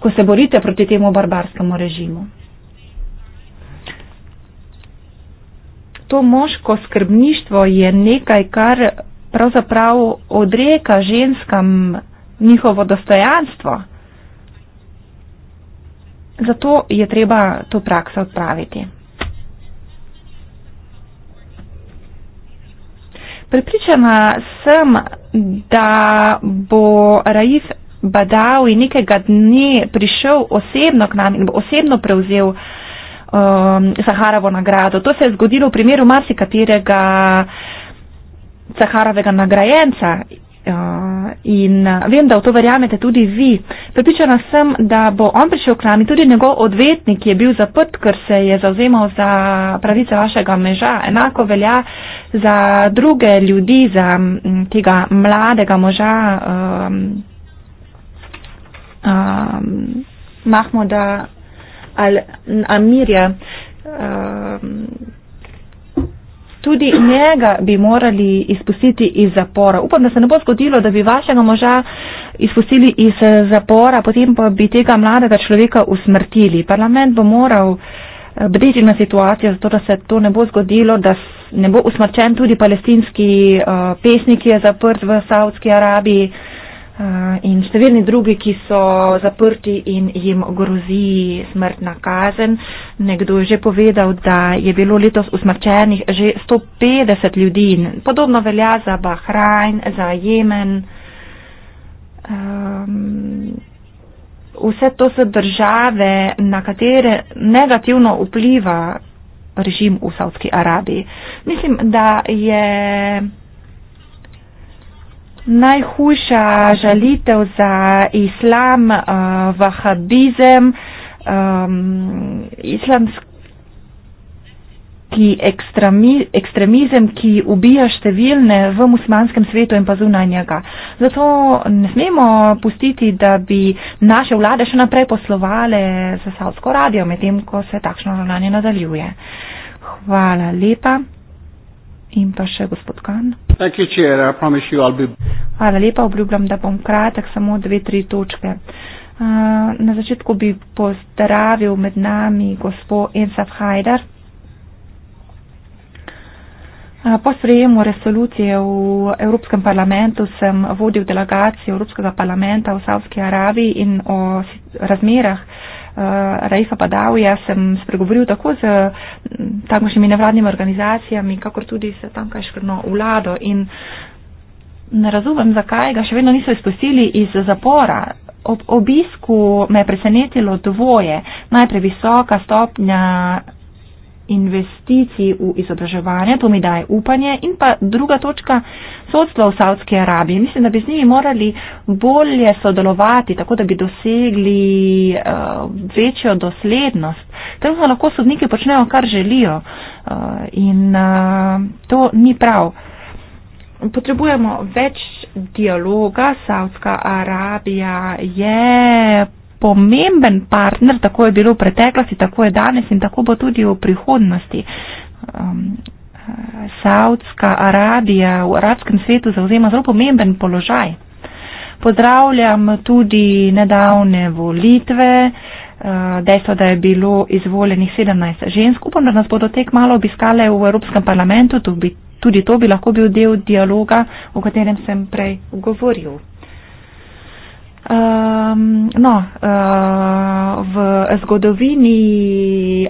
ko se borite proti temu barbarskemu režimu. to moško skrbništvo je nekaj, kar pravzaprav odreka ženskam njihovo dostojanstvo. Zato je treba to prakso odpraviti. Pripričana sem, da bo Raif Badawi nekega dne prišel osebno k nam in bo osebno prevzel uh, um, Saharovo nagrado. To se je zgodilo v primeru marsikaterega Saharovega nagrajenca. Uh, in uh, vem, da v to verjamete tudi vi. Pripričana sem, da bo on prišel k nam in tudi njegov odvetnik je bil zaprt, ker se je zauzemal za pravice vašega meža. Enako velja za druge ljudi, za tega mladega moža um, um, Mahmuda Al-Amirja. Ehm, tudi njega bi morali izpustiti iz zapora. Upam, da se ne bo zgodilo, da bi vašega moža izpustili iz eh, zapora, potem pa bi tega mladega človeka usmrtili. Parlament bo moral eh, bdeti na situacijo, zato da se to ne bo zgodilo, da ne bo usmrčen tudi palestinski uh, pesnik, ki je zaprt v Saudski Arabiji. Uh, Eh, in številni drugi, ki so zaprti in jim grozi smrtna kazen. Nekdo je že povedal, da je bilo letos usmrčenih že 150 ljudi in podobno velja za Bahrajn, za Jemen. Um, vse to so države, na katere negativno vpliva režim v Saudski Arabiji. Mislim, da je najhujša žalitev za islam, uh, vahabizem, um, islamski ekstremizem, ki ubija številne v muslimanskem svetu in pa zunaj njega. Zato ne smemo pustiti, da bi naše vlade še naprej poslovale za Saudsko radio, medtem ko se takšno ravnanje nadaljuje. Hvala lepa in pa še gospod Kan. Hvala lepa, obljubljam, da bom kratek, samo dve, tri točke. Na začetku bi pozdravil med nami gospod Ensaf Hajdar. Po sprejemu resolucije v Evropskem parlamentu sem vodil delegacijo Evropskega parlamenta v Savski Arabiji in o razmerah uh, Raifa Padavija sem spregovoril tako z mm, tamošnjimi nevladnimi organizacijami, kakor tudi s tamkajškrno vlado in ne razumem, zakaj ga še vedno niso izpustili iz zapora. Ob obisku me je presenetilo dvoje. Najprej visoka stopnja investicij v izobraževanje, to mi daje upanje. In pa druga točka, sodstvo v Saudski Arabiji. Mislim, da bi z njimi morali bolje sodelovati, tako da bi dosegli uh, večjo doslednost. Trenutno lahko sodniki počnejo, kar želijo. Uh, in uh, to ni prav. Potrebujemo več dialoga. Saudska Arabija je pomemben partner, tako je bilo v preteklosti, tako je danes in tako bo tudi v prihodnosti. Um, Saudska Arabija v arabskem svetu zauzema zelo pomemben položaj. Pozdravljam tudi nedavne volitve, uh, dejstvo, da je bilo izvoljenih 17 žensk. Upam, da nas bodo tek malo obiskale v Evropskem parlamentu, tudi to bi lahko bil del dialoga, o katerem sem prej govoril um, no, uh, v zgodovini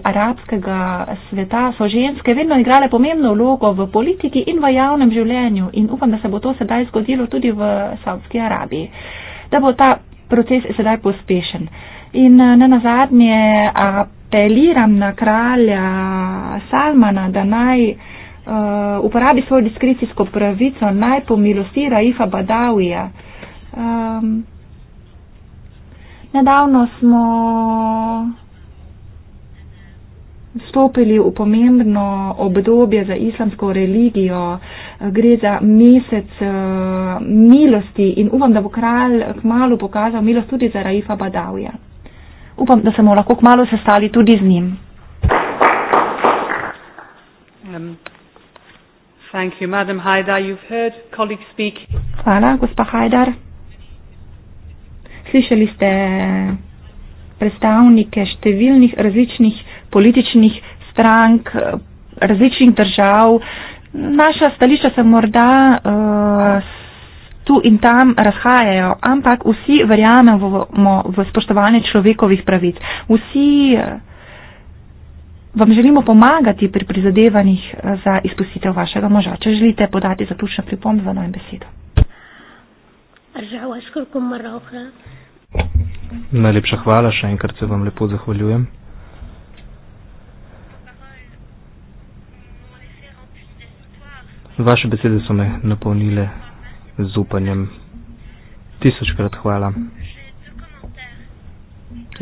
arabskega sveta so ženske vedno igrale pomembno vlogo v politiki in v javnem življenju in upam, da se bo to sedaj zgodilo tudi v Saudski Arabiji, da bo ta proces sedaj pospešen. In eh, na nazadnje apeliram na kralja Salmana, da naj uh, uporabi svojo diskricijsko pravico, naj pomilosti Raifa Badawija. Um, ehm, Nedavno smo vstopili v pomembno obdobje za islamsko religijo. Gre za mesec eh, milosti in upam, da bo kralj kmalo pokazal milost tudi za Raifa Badavija. Upam, da se bomo lahko kmalo sestali tudi z njim. Um, Hvala, gospa Hajdar. Slišali ste predstavnike številnih različnih političnih strank, eh, različnih držav. Naša stališča se morda uh, tu in tam razhajajo, ampak vsi verjamemo v spoštovanje človekovih pravic. Vsi eh, vam želimo pomagati pri prizadevanjih za izpustitev vašega moža. Če želite podati zaključno pripombo, vam dajem besedo. Žal, skoliko moram. Najlepša hvala, še enkrat se vam lepo zahvaljujem. Vaše besede so me napolnile z upanjem. Tisočkrat hvala.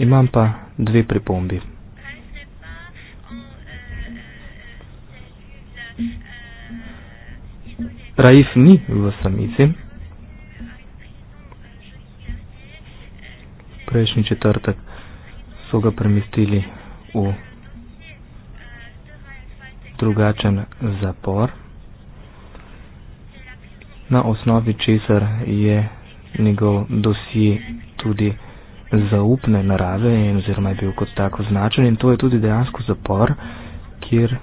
Imam pa dve pripombi. Raif ni v samici. prejšnji četrtek so ga premestili v drugačen zapor. Na osnovi česar je njegov dosje tudi zaupne narave in oziroma je bil kot tako značen in to je tudi dejansko zapor, kjer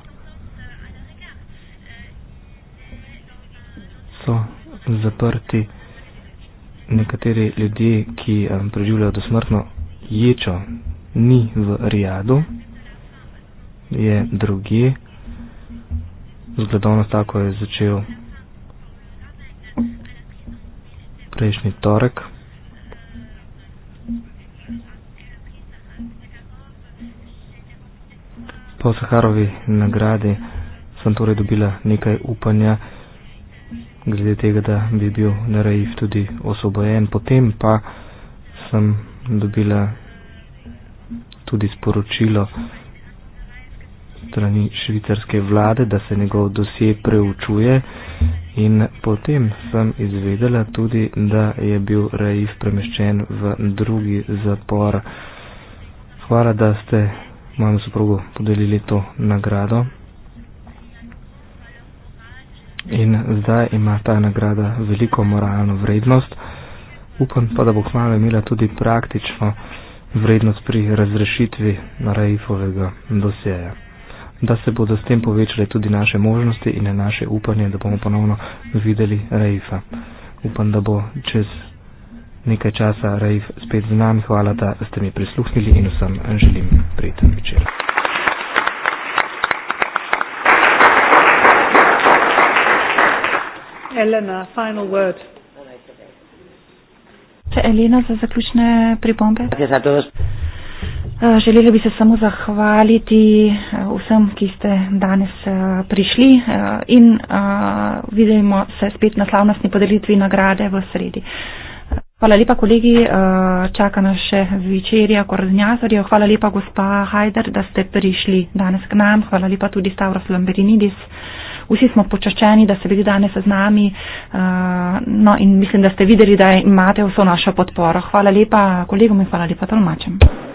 so zaprti nekateri ljudje, ki um, preživljajo dosmrtno ječo, ni v Rijadu, je drugi. Zgledovno tako je začel prejšnji torek. Po Saharovi nagradi sem torej dobila nekaj upanja glede tega, da bi bil narejiv tudi osvobojen. Potem pa sem dobila tudi sporočilo strani švicarske vlade, da se njegov dosje preučuje in potem sem izvedela tudi, da je bil Raif premeščen v drugi zapor. Hvala, da ste mojemu soprogu podelili to nagrado in zdaj ima ta nagrada veliko moralno vrednost. Upam pa, da bo hmalo imela tudi praktično vrednost pri razrešitvi Raifovega dosjeja. Da se bodo s tem povečale tudi naše možnosti in naše upanje, da bomo ponovno videli Raifa. Upam, da bo čez nekaj časa Raif spet z nami. Hvala, da ste mi prisluhnili in vsem želim prijeten večer. Elena, final word. Elena, za zaključne pripombe. Eh, želela bi se samo zahvaliti eh, vsem, ki ste danes eh, prišli in vidimo se spet na slavnostni podelitvi nagrade v sredi. Hvala lepa, kolegi. Čaka nas še večerja koordinatorjev. Hvala lepa, gospa Hajder, da ste prišli danes k nam. Hvala lepa tudi Stavros Lamberinidis vsi smo počaščeni, da ste bili danes z nami eh, no, in mislim, da ste videli, da imate vso našo podporo. Hvala lepa kolegom in hvala lepa tolmačem.